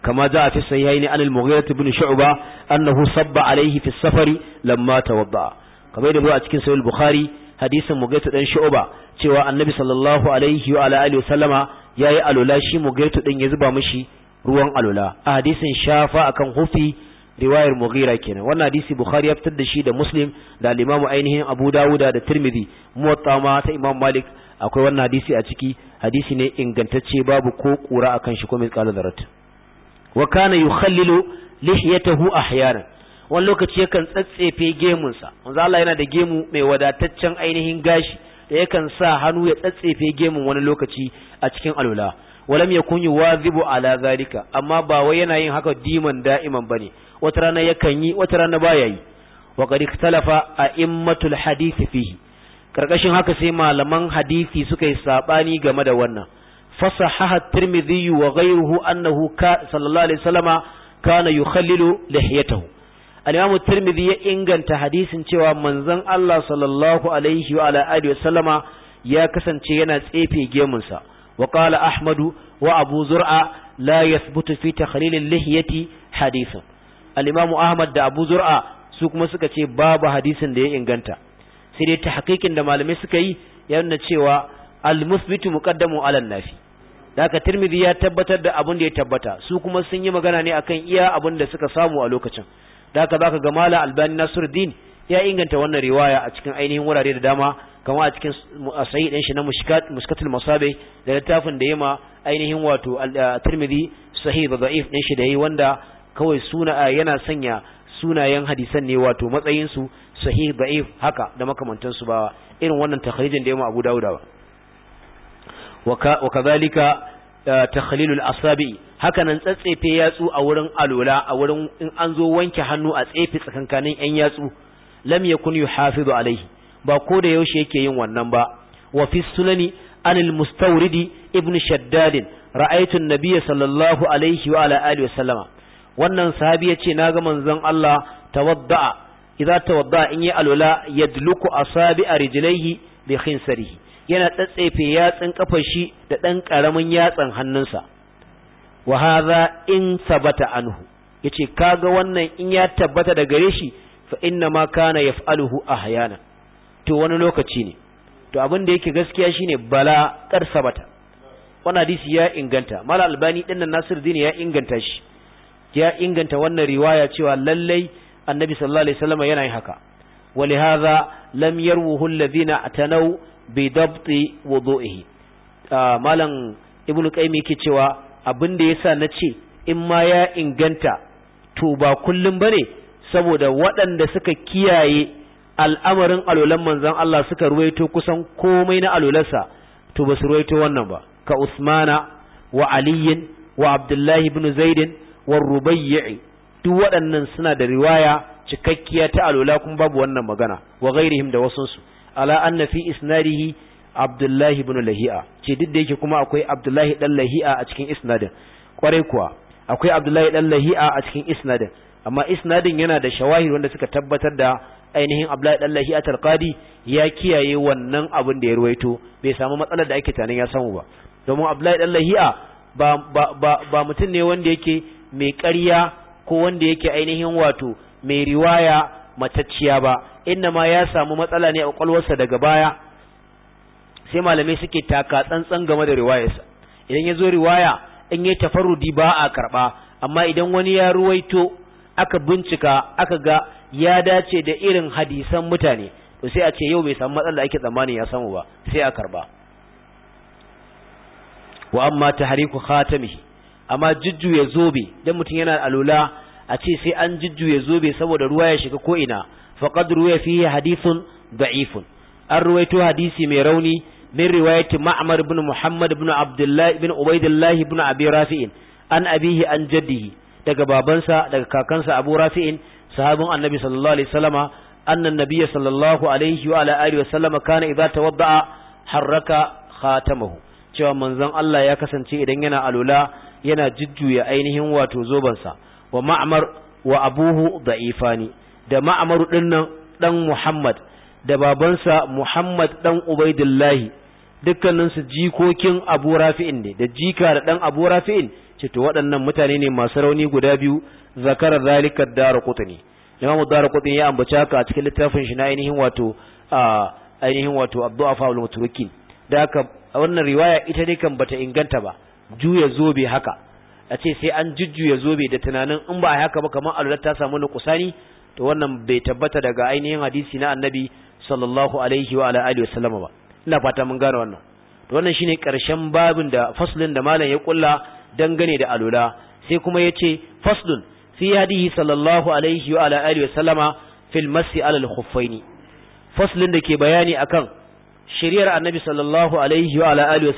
Kama za كما جاء في الصحيحين عن المغيرة بن شعبة أنه صب عليه في السفر لما توضأ كما a cikin سوى Bukhari حديث مغيرة بن shuba cewa annabi sallallahu alaihi wa ala alihi wasallama yayi alula shi mugaitu din ya zuba mishi ruwan alula a hadisin shafa akan hufi riwayar mughira kenan wannan hadisi bukhari ya fitar da shi da muslim da limamu ainihin abu dawuda da tirmidhi muwatta ma ta imam malik akwai wannan hadisi a ciki hadisi ne ingantacce babu ko kura akan shi ko mithqala dharat wa kana yukhallilu lihiyatahu ahyana wani lokaci yakan tsatsefe gemunsa manzo Allah yana da gemu mai wadataccen ainihin gashi da yakan sa hannu ya tsatsefe gemun wani lokaci a cikin alula walam yakun yuwadhibu ala zalika amma ba wai yana yin haka diman da'iman bane wata rana yakan yi wata rana baya yi wa qad ikhtalafa a'immatul hadith fihi karkashin haka sai malaman hadisi suka yi sabani game da wannan fasahaha tirmidhi wa ghayruhu annahu ka sallallahu alaihi wasallama kana yukhallilu lihiyatahu al-imam tirmidhi ya inganta hadisin cewa manzon Allah sallallahu alaihi wa alihi wasallama ya kasance yana tsefe gemunsa وقال أحمد وأبو زرع لا يثبت في تخليل اللحية حديث الإمام أحمد دا أبو زرع سوك مسكة باب حديث دي إنغانتا سيدي تحقيق دا معلمي سكي يأنا تشيوا المثبت مقدم على النافي daga tirmidhi ya tabbatar da abin da ya tabbata su kuma sun yi magana ne akan iya abin da suka samu a lokacin daga zaka ga mala albani nasruddin ya inganta wannan riwaya a cikin ainihin wurare da dama kamar a cikin sahih din shi na muskatul masabe da littafin da yima ainihin wato tirmidhi sahih da da'if din shi da yi wanda kawai suna yana sanya sunayen hadisan ne wato matsayin su sahih da'if haka da makamantan ba irin wannan takhrijin da yima abu dauda ba wa kadhalika takhlilul asabi haka nan tsatsefe yatsu a wurin alola a wurin in an zo wanke hannu a tsefe tsakankanin yan yatsu lam yakun yuhafizu alaihi ba ko da yaushe yake yin wannan ba wa fi sunani an al-mustawridi ibn shaddad ra'aytu an-nabiy sallallahu wa ala alihi wa sallama wannan sahabi yace naga manzon Allah tawadda'a idza tawadda'a in ya alwala yadluku a rijlaihi bi khinsarihi yana tsatsefe yatsin kafar shi da dan karamin yatsan hannunsa wa hadha in sabata anhu yace kaga wannan in ya tabbata da gare shi fa inna ma kana yaf'aluhu ahyana to wani lokaci ne to abin da yake gaskiya shine bala kar sabata wannan hadisi ya inganta mal albani din nan nasiruddin ya inganta shi ya inganta wannan riwaya cewa lallai annabi sallallahu alaihi wasallam yana yin haka ولهذا لم يروه الذين اعتنوا بضبط وضوئه مالن ibnu qayyim yake cewa abin da yasa nace in ma ya inganta to ba kullum bane saboda waɗanda suka kiyaye al'amarin alolan manzan Allah suka ruwaito kusan komai na alolarsa to ba su ruwaito wannan ba ka Usmana wa Aliyin wa Abdullahi bin Zaidin wa Rubayyi duk waɗannan suna da riwaya cikakkiya ta alola kuma babu wannan magana wa gairihim da wasunsu ala anna fi isnarihi Abdullahi bin Lahi'a ce duk da yake kuma akwai Abdullahi dan Lahi'a a cikin isnadin kwarai kuwa akwai Abdullahi ɗan Lahi'a a cikin isnadin amma isnadin yana da shawahir wanda suka tabbatar da ainihin Abdullahi dan Lahi at-Talqadi ya kiyaye wannan abin da ya ruwaito bai samu matsalar da ake tunanin ya samu ba domin Abdullahi dan Lahi ba ba ba, mutum ne wanda yake mai ƙarya ko wanda yake ainihin wato mai riwaya matacciya ba inna ma ya samu matsala ne a kwakwalwarsa daga baya sai malamai suke taka tsantsan game da riwayarsa idan ya zo riwaya in ya tafarrudi ba a karba amma idan wani ya ruwaito aka bincika aka ga ya dace da irin hadisan mutane to sai a ce yau bai samu matsala ake tsammani ya samu ba sai a karba wa amma tahriku khatamihi amma jujjuya zobe dan mutum yana alula a ce sai an jujjuya zobe saboda ruwa ya shiga ko ina faqad ruwa fihi hadithun da'ifun an ruwaito hadisi mai rauni min riwayati ma'mar ibn muhammad ibn abdullah ibn ubaidillah ibn abi rafi'in an abihi an jaddihi daga babansa daga kakansa Abu Rafi'in sahabin Annabi sallallahu alaihi wasallama annan nabiyyi sallallahu alaihi wa alihi wasallama kana idza tawadda'a harraka khatamahu cewa manzon Allah ya kasance idan yana alula yana jujjuya ainihin wato zobansa wa ma'mar wa abuhu da'ifani da ma'mar dinnan dan Muhammad da babansa Muhammad dan Ubaidullahi dukkaninsu jikokin Abu Rafi'in ne da jika da dan Abu Rafi'in ce to waɗannan mutane ne masu rauni guda biyu zakarar zakara zalika darqutni imamu darqutni ya ambaci haka a cikin littafin shi na ainihin wato a ainihin wato afa ul mutrukin da haka wannan riwaya ita ne kan bata inganta ba juya zobe haka a ce sai an jujjuya zobe da tunanin in ba a haka ba kamar alulat ta samu nukusani to wannan bai tabbata daga ainihin hadisi na annabi sallallahu alaihi wa ala alihi sallama ba ina fata mun gane wannan to wannan shine karshen babin da faslin da malam ya kulla dangane da alula sai kuma ce faslun fi hadihi sallallahu alaihi wa ala alihi wa fil masi ala al-khuffaini faslin da ke bayani akan shari'ar annabi sallallahu alaihi wa ala alihi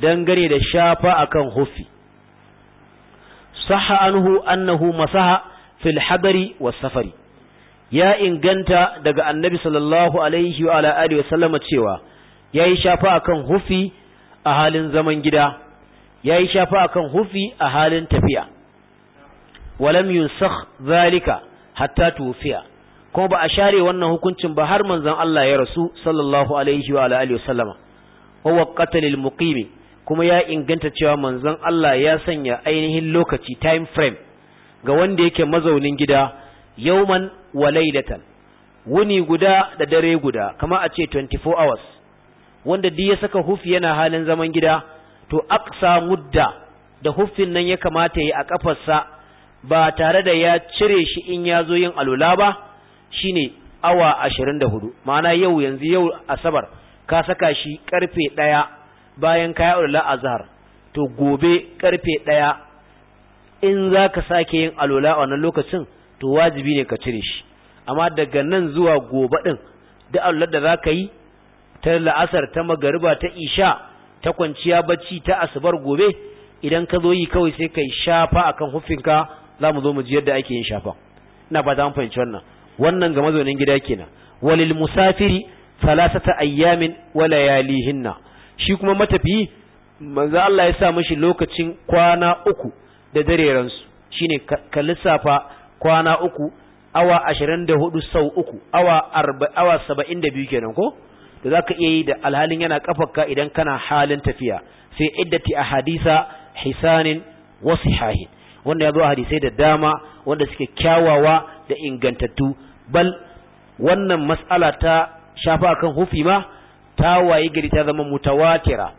dangane da shafa akan hufi sahha anhu annahu masaha fil hadari was safari ya inganta daga annabi sallallahu alaihi wa ala alihi wa sallama cewa yayi shafa akan hufi a halin zaman gida ya yi shafa a kan hufi a halin tafiya walam yunsak zalika hatta tufiya kuma ba a share wannan hukuncin ba har manzon Allah ya rasu sallallahu alaihi wa alihi wasallama wa waqata lil muqimi kuma ya inganta cewa manzon Allah ya sanya ainihin lokaci time frame ga wanda yake mazaunin gida yauman wa laylatan wuni guda da dare guda kama a ce 24 hours wanda duk ya saka hufi yana halin zaman gida to aqsa mudda da huffin nan ya kamata yi a kafarsa ba tare da ya cire shi in ya zo yin alula ba shine awa ashirin da hudu ma'ana yau yanzu yau asabar ka saka shi karfe ɗaya bayan ka yi alula azhar to gobe karfe ɗaya in za ka sake yin alula a wannan lokacin to wajibi ne ka cire shi amma daga nan zuwa gobe ɗin da alular da za ka yi ta la'asar ta magariba ta isha ta kwanciya bacci ta asubar gobe idan ka zo yi kawai sai kai shafa akan hufinka za mu zo mu ji yadda ake yin shafa ina fata an fahimci wannan wannan ga mazaunin gida kenan walil musafiri salasata ayyamin wa layalihinna shi kuma matafi. manzo Allah ya sa mishi lokacin kwana uku da dareransu shine ka lissafa kwana uku awa 24 sau uku awa 40 awa 72 kenan ko da zaka iya yi da alhalin yana kafarka idan kana halin tafiya sai iddati hadisa hisanin wasu hahin wanda yazo hadisai da dama wanda suke kyawawa da ingantattu bal wannan mas'ala ta shafa akan hufi ma ta waye gari ta zama mutawatira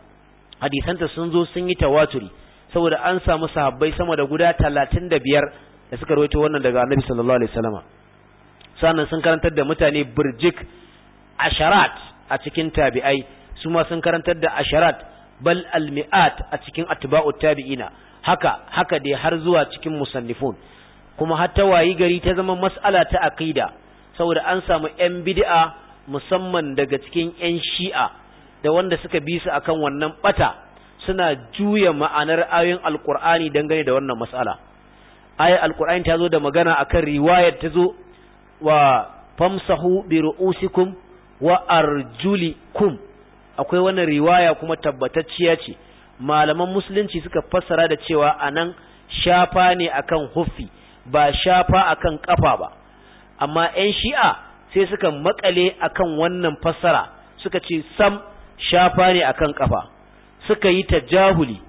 hadisanta sun zo sun yi tawaturi saboda an samu sahabbai sama da guda talatin da suka rawaito wannan daga Annabi sallallahu alaihi wasallam sannan sun karantar da mutane burjik asharat a cikin tabi'ai su ma sun karantar da asharat bal almi'at a cikin atba'u tabi'ina haka haka dai har zuwa cikin musannifun kuma har wayi gari ta zama mas'ala ta aqida saboda an samu yan bid'a musamman daga cikin yan shi'a da wanda suka bi su akan wannan bata suna juya ma'anar ayoyin alqur'ani dangane da wannan mas'ala ayar alqur'ani ta zo da magana akan riwayar ta zo wa famsahu bi ru'usikum wa arjulikum akwai wannan riwaya kuma tabbatacciya ce malaman musulunci suka fassara da cewa anan shafa ne akan huffi ba shafa akan kafa ba amma 'yan shi'a sai suka makale akan wannan fassara suka ce sam shafa ne akan kafa suka yi tajahuli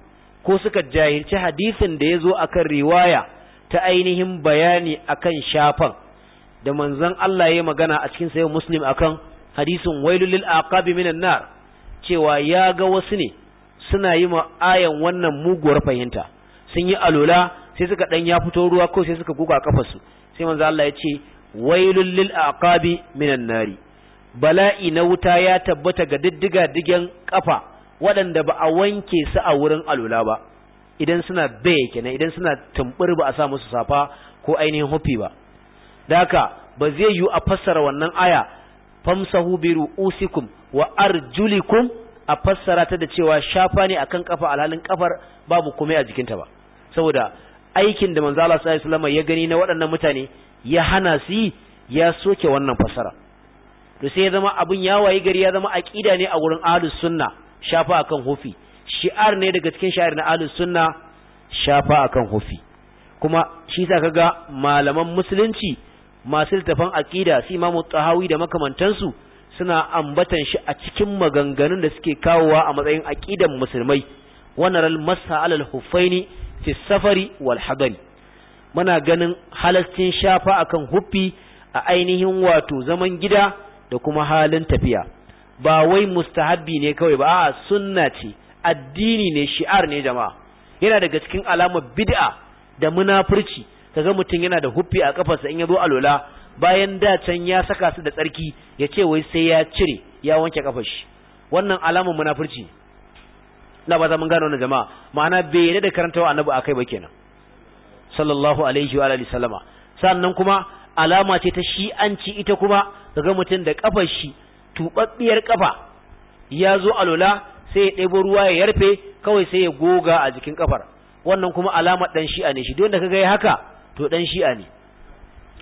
ko suka jahilci hadisin da ya zo akan riwaya ta ainihin bayani akan shafan da manzon Allah ya magana a cikin sayyid muslim akan hadisin wailul lil aqabi minan nar cewa ya ga wasu ne suna yi ma ayan wannan muguwar fahimta sun yi alola sai suka dan ya fito ruwa ko sai suka guga kafarsu sai manzo Allah ya ce wailul lil aqabi minan nari bala'i na wuta ya tabbata ga diddiga digen kafa waɗanda ba a wanke su a wurin alola ba idan suna baye kenan idan suna tumbur ba a sa musu safa ko ainihin hufi ba daka ba zai yiwu a fassara wannan aya famsahu bi ru'usikum wa arjulikum a fassara ta da cewa shafa ne akan kafa alhalin kafar babu komai a jikinta ba saboda aikin da manzo Allah sallallahu alaihi ya gani na waɗannan mutane ya hana su ya soke wannan fassara to sai ya zama abin ya wayi gari ya zama aqida ne a gurin ahlus sunna shafa akan hufi shi'ar ne daga cikin shi'ar na ahlus sunna shafa akan hufi kuma shi sa kaga malaman musulunci masu littafan aƙida, su imamu tahawi da makamantansu suna ambatan shi a cikin maganganun da suke kawowa a matsayin aqidan musulmai wannan al masa alal hufaini fi safari wal hadari muna ganin halastin shafa akan huffi a ainihin wato zaman gida da kuma halin tafiya ba wai mustahabbi ne kawai ba a'a sunna ce addini ne shi'ar ne jama'a yana daga cikin alamar bid'a da munafurci kaga mutum yana da huffi a kafarsa in ya zo alola bayan da can ya saka su da tsarki ya ce wai sai ya cire ya wanke kafar shi wannan alamun munafurci na ba za mun gano wannan jama'a ma'ana bai yarda da karantawa annabi akai ba kenan sallallahu alaihi wa alihi sallama sannan kuma alama ce ta shi'anci ita kuma kaga mutum da kafar shi tubabbiyar kafa ya zo alola sai ya ɗebo ruwa ya yarfe kawai sai ya goga a jikin kafar wannan kuma alama dan shi'a ne shi don da kaga ya haka to dan shi'a ne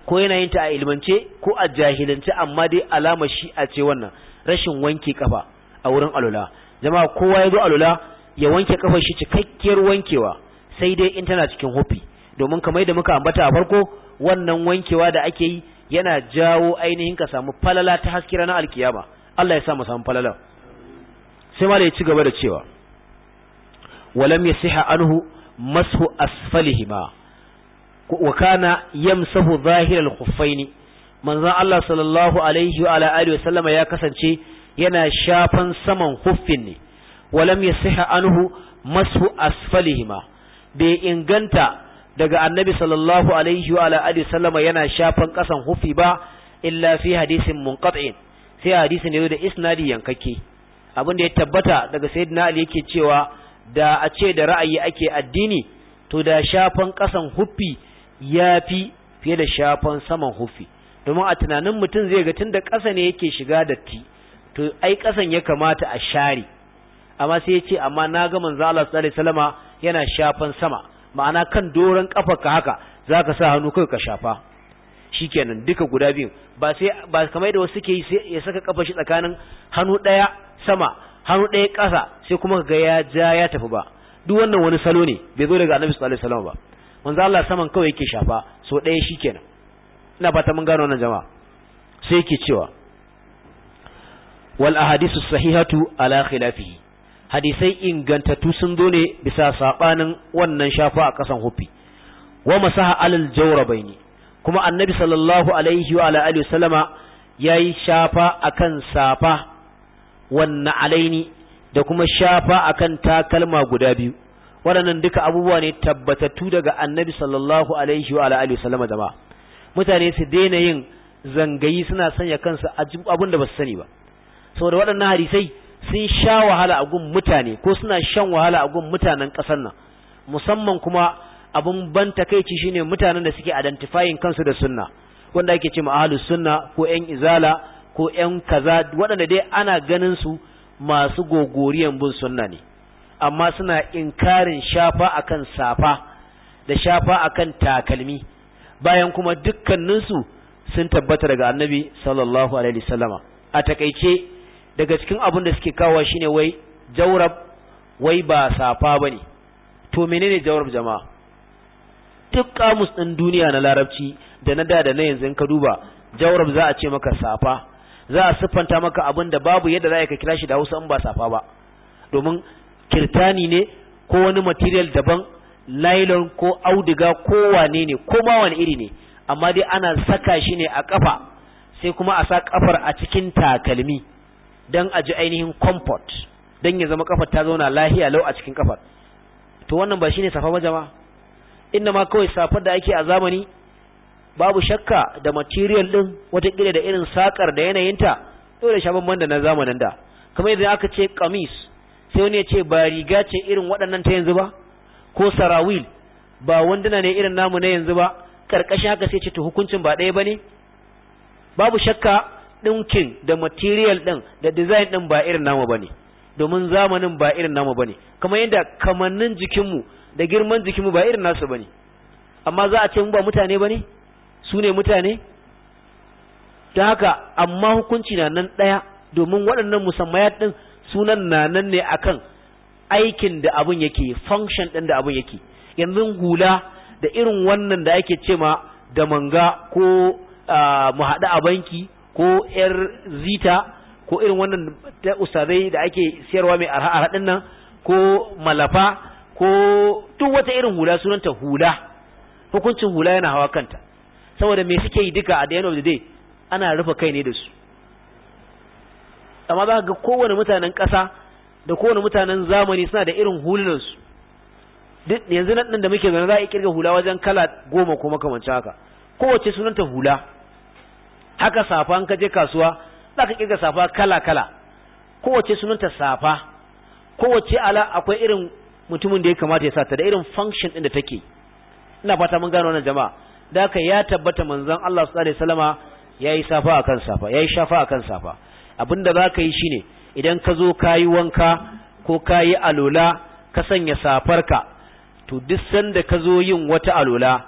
ko yana yin ta a ilmance ko a jahilance amma dai alama shi'a ce wannan rashin wanke kafa a wurin alula jama'a kowa ya zo alula ya wanke kafa shi cikakkiyar wankewa sai dai in tana cikin hufi domin kamar yadda muka ambata a farko wannan wankewa da ake yi yana jawo ainihin ka samu falala ta haskira na alkiyama Allah ya sa mu samu falala sai ma ya ci gaba da cewa walam yasiha anhu masu asfalihima wakana kana yamsahu zahiral khuffaini manzon Allah sallallahu alaihi wa alihi wa sallama ya kasance yana shafan saman huffin ne walam yasiha anhu masu asfalihima bai inganta daga annabi sallallahu alaihi wa ala sallama yana shafan kasan hufi ba illa fi hadisin munqati sai hadisin yazo da isnadi yankake abin da ya tabbata daga sayyidina ali yake cewa da a ce da ra'ayi ake addini to da shafan kasan hufi ya fi fiye da shafan saman hufi domin a tunanin mutum zai ga tun da ƙasa ne yake shiga datti to ai ƙasan ya kamata a share amma sai ya ce amma na ga manzo Allah sallallahu alaihi wasallama yana shafan sama ma'ana kan doron ka haka zaka sa hannu kai ka shafa shikenan duka guda biyu ba sai ba kamar da wasu ke yi sai ya saka kafar shi tsakanin hannu daya sama hannu daya ƙasa sai kuma ga ya ja ya tafi ba duk wannan wani salo ne bai zo daga Annabi sallallahu alaihi wasallam ba manzo Allah saman kawai yake shafa so ɗaya shikenan ina fata mun gano wannan jama'a sai yake cewa wal sahihatu ala khilafihi hadisai ingantattu sun zo ne bisa sabanin wannan shafa a kasan hufi wa masaha alal jawrabaini kuma annabi sallallahu alaihi wa ala alihi wasallama yayi shafa akan safa wanna alaini da kuma shafa akan takalma guda biyu waɗannan duka abubuwa ne tabbatattu daga annabi sallallahu alaihi wa alihi wasallam jama'a mutane su daina yin zangayi suna sanya kansu a abin da ba su sani ba saboda waɗannan hadisai sun sha wahala a gun mutane ko suna shan wahala a gun mutanen ƙasar nan musamman kuma abun ban takeici shine mutanen da suke identifying kansu da sunna wanda ake ce ahlus sunna ko ƴan izala ko ƴan kaza waɗanda dai ana ganin su masu gogoriyan bin sunna ne amma suna inkarin shafa akan safa da shafa akan takalmi bayan kuma dukkaninsu sun tabbata daga annabi sallallahu alaihi wasallama a takaice daga cikin abin da suke kawo shine wai jawrab wai ba safa bane to menene jawrab jama'a duk kamus ɗin duniya na larabci da na da da na yanzu ka duba Jaurab za a ce maka safa za a siffanta maka abin da babu yadda za ka kira shi da Hausa in ba safa ba domin kirtani ne ko wani material daban nylon ko auduga ko wane ne ko ma wani iri ne amma dai ana saka shi ne a kafa sai kuma a sa kafar a cikin takalmi dan a ainihin comfort dan ya zama kafar ta zauna lahiya lau a cikin kafar to wannan ba shine safa ba jama'a inda ma kawai safar da ake a zamani babu shakka da material din watakila da irin sakar da yanayinta dole sha da na zamanin da kamar idan aka ce kamis sai wani ya ce ba riga ce irin waɗannan ta yanzu ba ko sarawil ba wanduna ne irin namu na yanzu ba karkashin haka sai ce to hukuncin ba ɗaya ba ne babu shakka ɗinkin da material ɗin da design ɗin ba irin namu ne domin zamanin ba irin namu ne kamar yadda kamannin jikinmu da girman jikinmu ba irin nasu ba ne amma za a ce mu ba mutane ba ne su ne mutane ta haka amma hukunci na nan ɗaya domin waɗannan musammaya ɗin sunan na nan ne akan aikin da abun yake function ɗin da abun yake yanzu hula da irin wannan da ake ce da manga ko mu haɗu a banki ko yar zita ko irin wannan da usarai da ake siyarwa mai arha ɗin nan ko malafa ko duk wata irin hula sunanta hula hukuncin hula yana hawa kanta saboda me suke yi duka a the of the day ana rufe kai ne da su amma za ka ga kowane mutanen ƙasa da kowane mutanen zamani suna da irin hulunansu duk yanzu nan da muke zana za a kirga hula wajen kala goma ko makamancin haka kowace sunanta hula haka safa an ka je kasuwa za ka kirga safa kala kala kowace sunanta safa kowace ala akwai irin mutumin da ya kamata ya sa ta da irin function din da take ina fata mun gano wannan jama'a da haka ya tabbata manzon Allah sallallahu alaihi wasallama yayi safa akan safa yayi shafa akan safa abin da za yi shine idan ka zo ka wanka ko kayi yi alola ka sanya safarka to duk sanda ka zo yin wata alola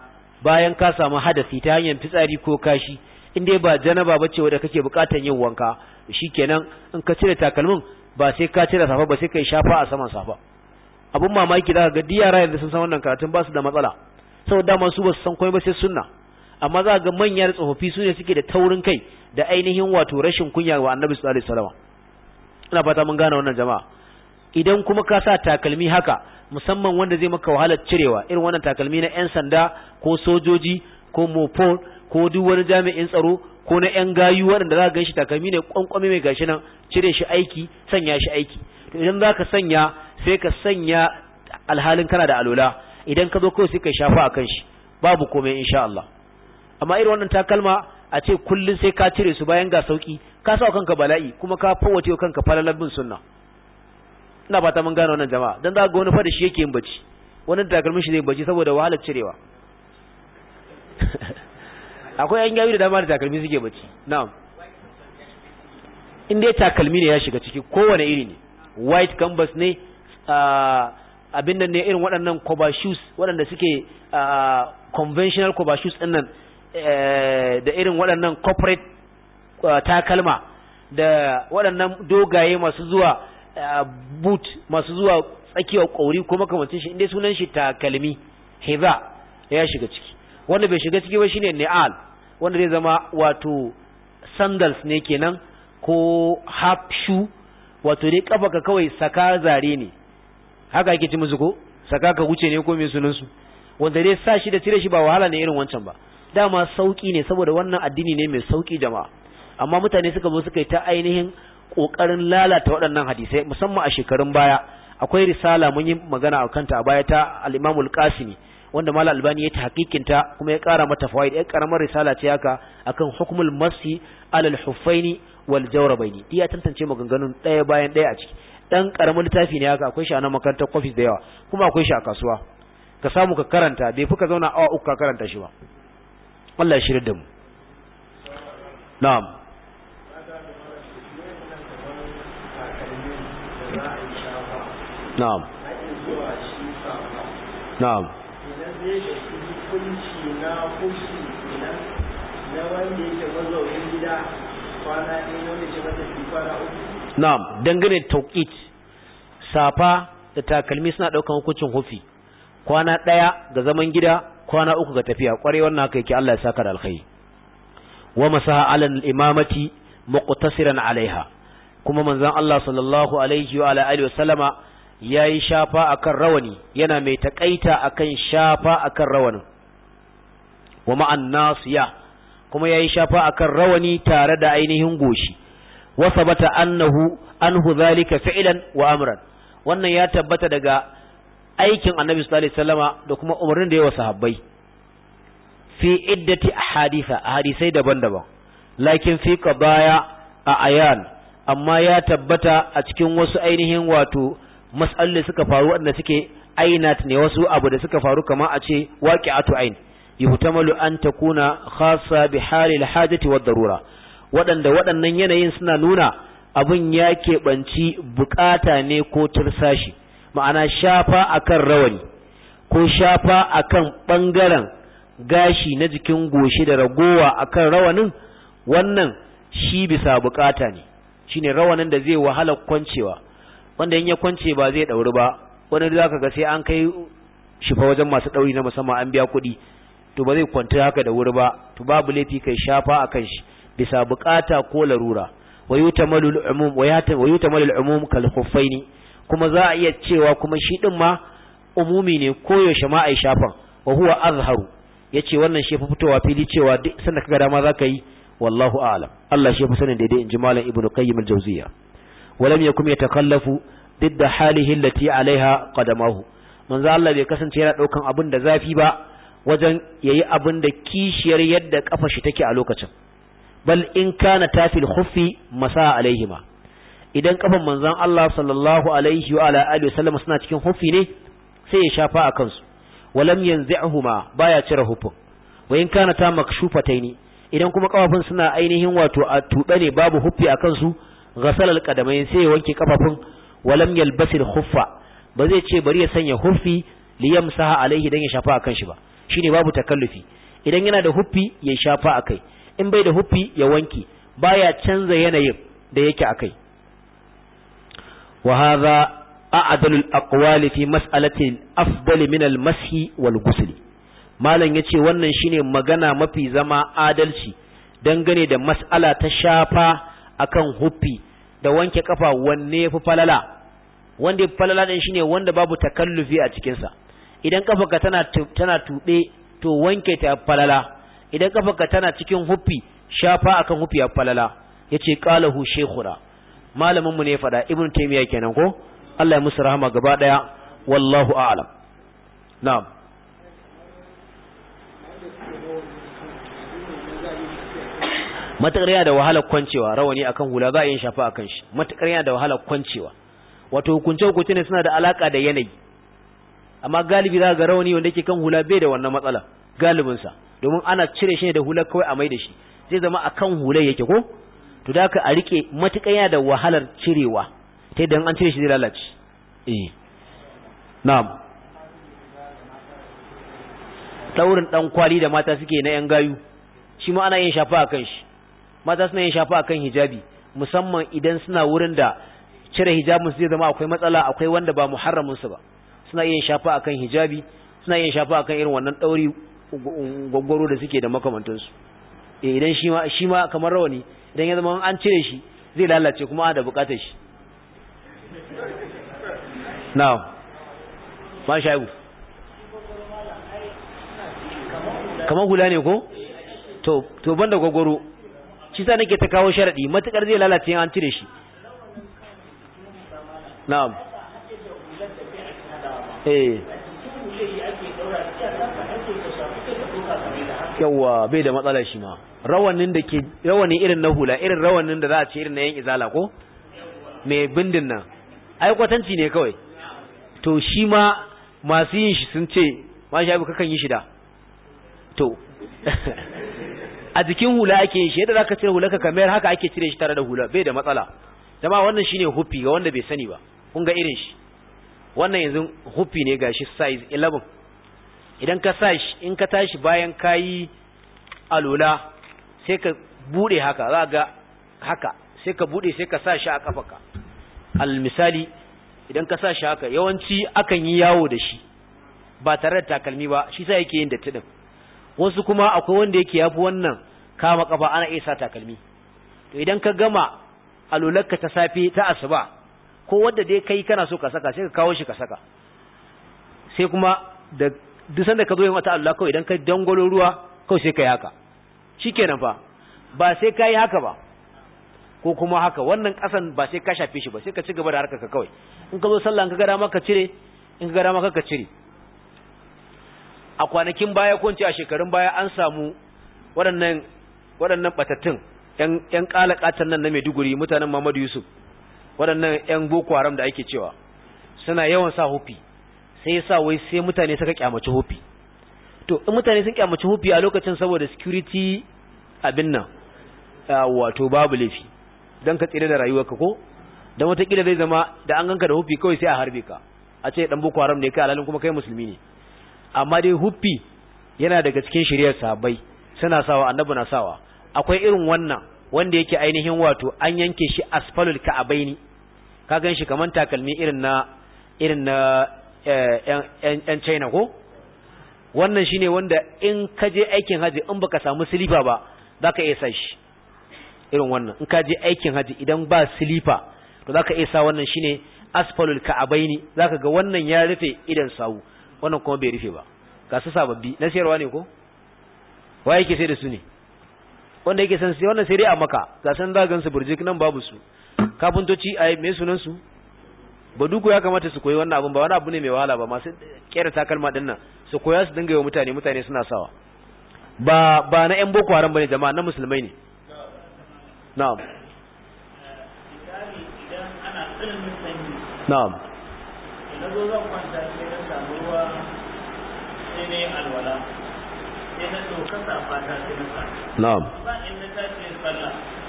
bayan ka samu hadasi ta hanyar fitsari ko kashi in dai ba janaba ba ce kake bukatar yin wanka shikenan in ka cire takalmin ba sai ka cire safa ba sai kai shafa a saman safa abun mamaki da ga diyara yanzu sun san wannan karatun ba su da matsala saboda dama su ba su san komai ba sai sunna amma za ga manya tsofaffi su ne suke da taurin kai da ainihin wato rashin kunya wa annabi sallallahu alaihi wasallam ina fata mun gane wannan jama'a idan kuma ka sa takalmi haka musamman wanda zai maka wahalar cirewa irin wannan takalmi na yan sanda ko sojoji ko mopol ko duk wani jami'in tsaro ko na yan gayu waɗanda za ka ganshi takalmi ne kwankwame mai gashi nan cire shi aiki sanya shi aiki to idan za ka sanya sai ka sanya alhalin kana da alola idan ka zo kawai sai ka shafa a kan shi babu komai insha Allah amma irin wannan takalma a ce kullun sai ka cire su bayan ga sauki ka sa kanka bala'i kuma ka fawace kanka falalar bin sunna ina ba ta mun gane wannan jama'a dan za ga wani fa da shi yake yin bacci wani takalmin shi zai bacci saboda wahalar cirewa akwai yan gawi da dama da takalmi suke bacci na'am in dai takalmi ne ya shiga ciki kowane iri ne white canvas ne abin nan ne irin waɗannan cover shoes waɗanda suke conventional cover shoes ɗin nan Eh, da irin waɗannan corporate eh, takalma da waɗannan dogaye masu zuwa eh, boot masu zuwa tsakiyar ƙauri ko makamancin shi inda sunan shi takalmi heza ya shiga ciki wanda bai shiga ciki ba shine ne'al wanda zai zama wato sandals ne kenan ko half shoe wato dai kafa ka kawai saka zare ne haka ake ci musu ko saka ka wuce ne ko me sunansu su wanda dai sa shi da cire shi ba wahala ne irin wancan ba dama sauki ne saboda wannan addini ne mai sauki jama'a amma mutane suka zo suka yi ta ainihin kokarin lalata waɗannan hadisai musamman a shekarun baya akwai risala mun yi magana akan ta a baya ta al-Imam al-Qasimi wanda Malam Albani ya tahqiqinta kuma ya ƙara mata fawaid ya karamar risala ce haka akan hukmul masi alal huffaini wal jawrabaini ya tantance maganganun ɗaya bayan ɗaya a ciki dan karamin littafi ne haka akwai shi a nan makarantar office da yawa kuma akwai shi a kasuwa ka samu ka karanta bai fi ka zauna awa uku ka karanta shi ba Allah ya shirya da mu na'am na'am na'am na'am dangane tauqit safa da takalmi suna daukan hukuncin hufi kwana daya ga zaman gida kwana uku ga tafiya kwarai wannan haka ki Allah ya saka da alkhairi wa masaha imamati muqtasiran alaiha kuma manzon Allah sallallahu alaihi wa alihi yayi shafa akan rawani yana mai takaita akan shafa akan rawanin wa ma'an nasiya kuma yayi shafa akan rawani tare da ainihin goshi wa sabata annahu anhu zalika fi'lan wa amran wannan ya tabbata daga aikin annabi sallallahu alaihi wasallama da kuma umarnin da ya wa sahabbai fi iddati ahaditha ahadisai daban-daban lakin fi baya a ayan amma ya tabbata a cikin wasu ainihin wato masallin suka faru wanda suke ainat ne wasu abu da suka faru kama a ce waqi'atu ain yuhtamalu an takuna khassa bi halil hajati wad darura waɗanda waɗannan yanayin suna nuna abun ya keɓanci bukata ne ko tursashi ma'ana shafa akan rawani ko shafa akan ɓangaren gashi na jikin goshi da ragowa akan rawanin wannan shi bisa bukata ne shine rawanin da zai wahala kwancewa wanda in ya kwance ba zai dauri ba wani za ka ga sai an kai shi fa wajen masu dauri na musamman an biya kuɗi to ba zai kwanta haka da wuri ba to babu laifi kai shafa akan shi bisa bukata ko larura wa yutamalu umum wa yutamalu umum kal khuffaini kuma za a iya cewa kuma shi din ma umumi ne koyaushe ma a yi shafan wa huwa azharu ya ce wannan shi fitowa fili cewa duk sanda kaga dama za ka yi wallahu a'lam Allah shi fi sanin daidai in ji malam ibnu qayyim al-jawziya walam yakum yatakallafu da halihi allati alaiha qadamahu manzo Allah bai kasance yana daukan abin da zafi ba wajen yayi abin da kishiyar yadda kafa shi take a lokacin bal in kana tafil khuffi masa alaihima idan kafan manzon Allah sallallahu alaihi wa ala alihi wasallam suna cikin hufi ne sai ya shafa a kansu walam yanzi'huma baya cire hufin wa in kana ta makshufataini idan kuma kafafun suna ainihin wato a tube ne babu hufi a kansu ghasal alqadamain sai ya wanke kafafun walam yalbasil khuffa ba zai ce bari ya sanya hufi liyamsaha alaihi dan ya shafa a shi ba shine babu takallufi idan yana da huffi ya shafa akai in bai da huffi ya wanke baya canza yanayin da yake akai وهذا أعدل الأقوال في مسألة أفضل من المسح والغسل ما لن يتشي ونن شيني magana مفي zama آدل شي دنغني دا مسألة shafa akan هبي دا وانك كفا ونيف ya wanda ya falala din shine wanda babu takallufi a cikinsa idan kafarka tana tana tube to wanke ta falala idan kafarka tana cikin huffi shafa akan huffi ya falala yace qalahu shaykhuna malamin mu ne ya faɗa ibnu taymiya kenan ko Allah ya musu rahama gaba daya wallahu a'lam na'am matakar yana da wahalar kwancewa rawani akan hula za a yin shafa akan shi matakar yana da wahalar kwancewa wato hukunce hukunce ne suna da alaka da yanayi amma galibi za ga rawani wanda yake kan hula bai da wannan matsala galibinsa domin ana cire shi ne da hula kawai a mai da shi zai zama akan hula yake ko to da ka a rike matukaya yana da wahalar cirewa ta idan an cire shi zai lalace eh na'am daurin dan kwali da mata suke na yan gayu shi ma ana yin shafa a kan shi mata suna yin shafa a kan hijabi musamman idan suna wurin da cire hijabin su zai zama akwai matsala akwai wanda ba muharramin su ba suna yin shafa a kan hijabi suna yin shafa a kan irin wannan dauri gwaggwaro da suke da makamantansu Eh, idan shi ma shi ma kamar rawani idan ya zama an cire shi zai lalace kuma da bukatar shi Na'am. ma shayu kamar hula ne ko to to banda gogoro shi sa nake ta kawo sharadi matukar zai lalace an cire shi na'am eh yawa bai da matsala shi ma rawanin da ke rawani irin na hula irin rawanin da za a ce irin na yan izala ko mai bindin nan ai kwatanci ne kawai to shi ma masu yin shi sun ce ma shi kakan yi shi da to a jikin hula ake yin shi yadda zaka cire hula ka kamar haka ake cire shi tare da hula bai da matsala jama'a wannan shine hufi ga wanda bai sani ba kun ga irin shi wannan yanzu hufi ne gashi size 11 idan ka sa shi in ka tashi bayan kayi alola sai ka bude haka za ga haka sai ka bude sai ka sa shi a kafaka al misali idan ka sa shi haka yawanci akan yi yawo da shi ba tare da takalmi ba shi sa yake yin datti din wasu kuma akwai wanda yake yafi wannan kama kafa ana iya sa takalmi to idan ka gama alolarka ta safe ta asuba ko wanda dai kai kana so ka saka sai ka kawo shi ka saka sai kuma da duk sanda ka zo yi mata Allah kawai idan ka dangwalo ruwa kawai sai ka yi haka shikenan fa ba sai ka yi haka ba ko kuma haka wannan kasan ba sai ka shafe shi ba sai ka ci gaba da harkar ka kawai in ka zo sallah in ka ga dama ka cire in ka ga dama ka cire a kwanakin baya ko a shekarun baya an samu waɗannan waɗannan batattun yan yan kalakatan nan na Maiduguri mutanen Muhammadu Yusuf waɗannan yan boko haram da ake cewa suna yawan sa hufi sai yasa wai sai mutane suka kyamaci hufi to in mutane sun kyamaci hufi a lokacin saboda security abin nan wato babu laifi don ka tsira da rayuwarka ko wata watakila zai zama da an ganka da hufi kawai sai a harbe ka a ce dan boko haram ne kai alalin kuma kai musulmi ne amma dai hufi yana daga cikin shiriyar sahabbai suna sawa annabi na sawa akwai irin wannan wanda yake ainihin wato an yanke shi asfalul ka'abaini ka gan shi kamar takalmi irin na irin na Eh, 'yan china ko wannan shine wanda in ka je aikin haji in baka samu silifa ba za ka iya sa shi irin wannan in ka je aikin haji idan ba silifa to za ka iya sa wannan shine asfalul ka'abaini za ka ga wannan ya rufe idan sawu wannan kuma bai rufe ba ga su sababbi na sayarwa ne ko wa yake sai da su ne wanda yake san sai wannan sai dai a maka ga san za gansu burjik nan babu su kafuntoci a mai sunan su ba duku ya kamata su koyi wannan abun ba wani abu ne mai wahala ba masu kera takalma din nan su koya su dinga yi wa mutane mutane suna sawa ba ba na yan boko haram bane jama'a na musulmai ne na'am na'am na'am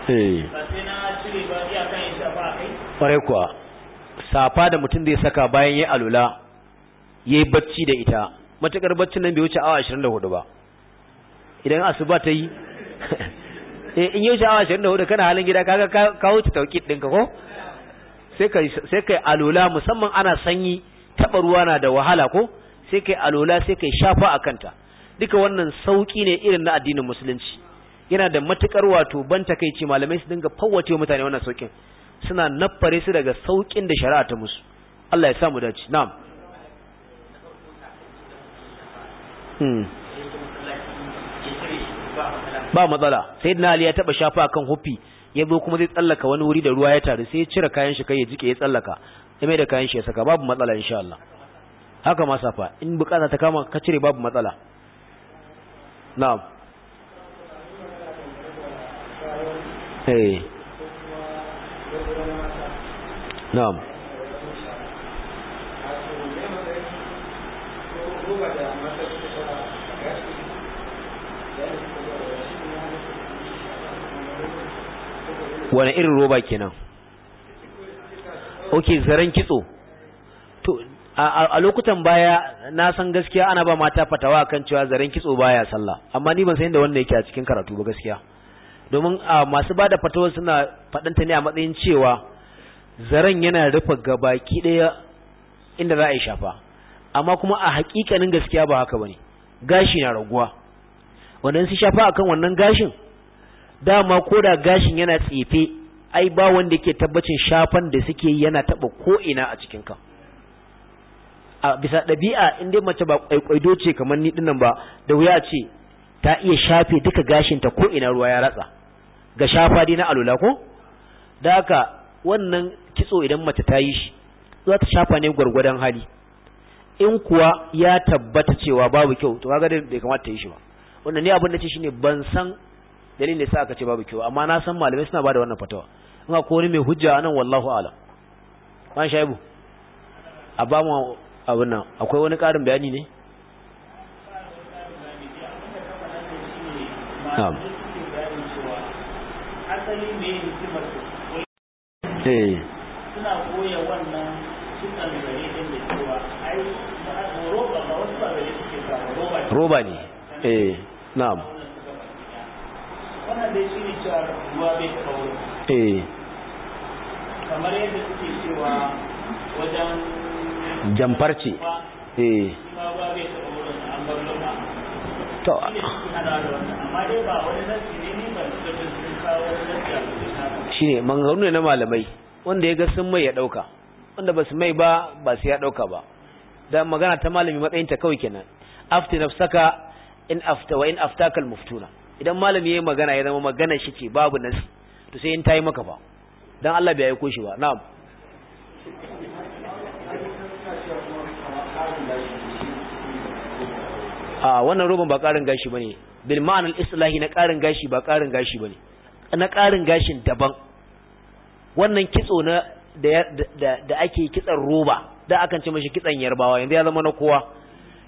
eh. kwarai kuwa safa da mutum zai saka bayan ya alula ya yi bacci da ita matuƙar baccin nan bai wuce awa 24 ba idan asuba ta yi eh, in wuce awa 24 kana halin gida kaga ka wuce tauki ɗinka ko sai kai alola musamman ana sanyi taɓa ruwa na da wahala ko sai kai alola sai kai shafa a kanta duka wannan sauƙi ne irin na addinin musulunci yana da matuƙar wato ban takaici malamai su dinga fawwace mutane wannan sauƙin suna naffare su daga saukin da shari'a ta musu Allah ya sa mu dace na'am hmm. ba matsala sai na ali ya taba shafa kan hufi ya zo kuma zai tsallaka wani wuri da ruwa ya taru sai ya cire kayan shi kai ya jike ya tsallaka ya mai da kayan shi ya saka babu matsala insha Allah haka ma safa in bukata ta kama ka cire babu matsala na'am eh na'am wani irin roba kenan ok zaren kitso a lokutan baya na san gaskiya ana ba mata fatawa kan cewa zaren kitso baya sallah amma ni ban san da wannan yake a cikin karatu ba gaskiya domin masu bada fatawa suna faɗanta ne a matsayin cewa zaren yana rufe gabaki daya inda za a yi shafa amma kuma a hakikanin gaskiya ba haka bane gashi na raguwa wannan su shafa akan wannan gashin dama ko da gashin yana tsefe ai ba wanda yake tabbacin shafan da suke yana taba ko ina a cikin ka a bisa ɗabi'a in dai mace ba kwaikwaido ce kamar ni dinnan ba da wuya ce ta iya shafe duka gashin ta ko ina ruwa ya ratsa ga shafa dai na alula ko da haka wannan kitso idan mace ta yi shi za ta shafa ne gwargwadon hali in kuwa ya tabbata cewa babu kyau to kaga bai kamata ta yi shi ba wannan ne abin da ce shine ban san dalilin da yasa aka ce babu kyau amma na san malamai suna bada wannan fatawa in ko wani mai hujja anan wallahu alam ban shaibu a ba mu abin nan akwai wani karin bayani ne na'am eh suna goya wannan sunan gare din da cewa ai roba ba wasu ba gare suke ba roba roba ne eh na'am wannan dai shi ne cewa ruwa bai taɓa wurin eh kamar yadda suke cewa wajen jamfarci eh ba an ruwa to amma dai ba ba wani ne shine mangaru ne na malamai wanda ya ga sun mai ya ɗauka wanda ba su mai ba ba su ya ɗauka ba da magana ta malami matsayinta kawai kenan afti nafsaka in afta wa in aftakal muftuna idan malami yayi magana ya zama magana shi ce babu nasi to sai in tayi maka ba dan Allah bai aiko shi ba na'am a wannan roban ba karin gashi bane bil ma'anal islahi na karin gashi ba karin gashi bane na karin gashin daban wannan kitso na da ake kitsan roba da akan ce mashi kitsan yarbawa yanzu ya zama na kowa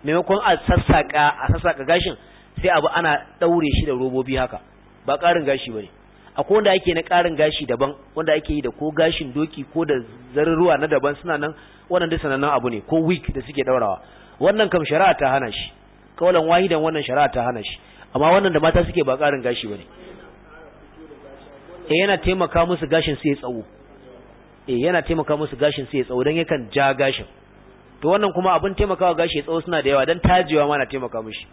maimakon a sassaka a sassaka gashin sai abu ana daure shi da robobi haka ba ƙarin gashi bane akwai wanda ake na ƙarin gashi daban wanda ake yi da ko gashin doki ko da zaruruwa na daban suna nan wannan da sanannen abu ne ko week da suke daurawa wannan kam shari'a ta hana shi kawalan wahidan wannan shari'a ta hana shi amma wannan da mata suke ba ƙarin gashi bane eh yana taimaka musu gashin su ya tsawo eh yana taimaka musu gashin su ya tsawo dan yakan ja gashin to wannan kuma abin taimakawa gashi ya tsawo suna da yawa dan tajiwa ma na taimaka mishi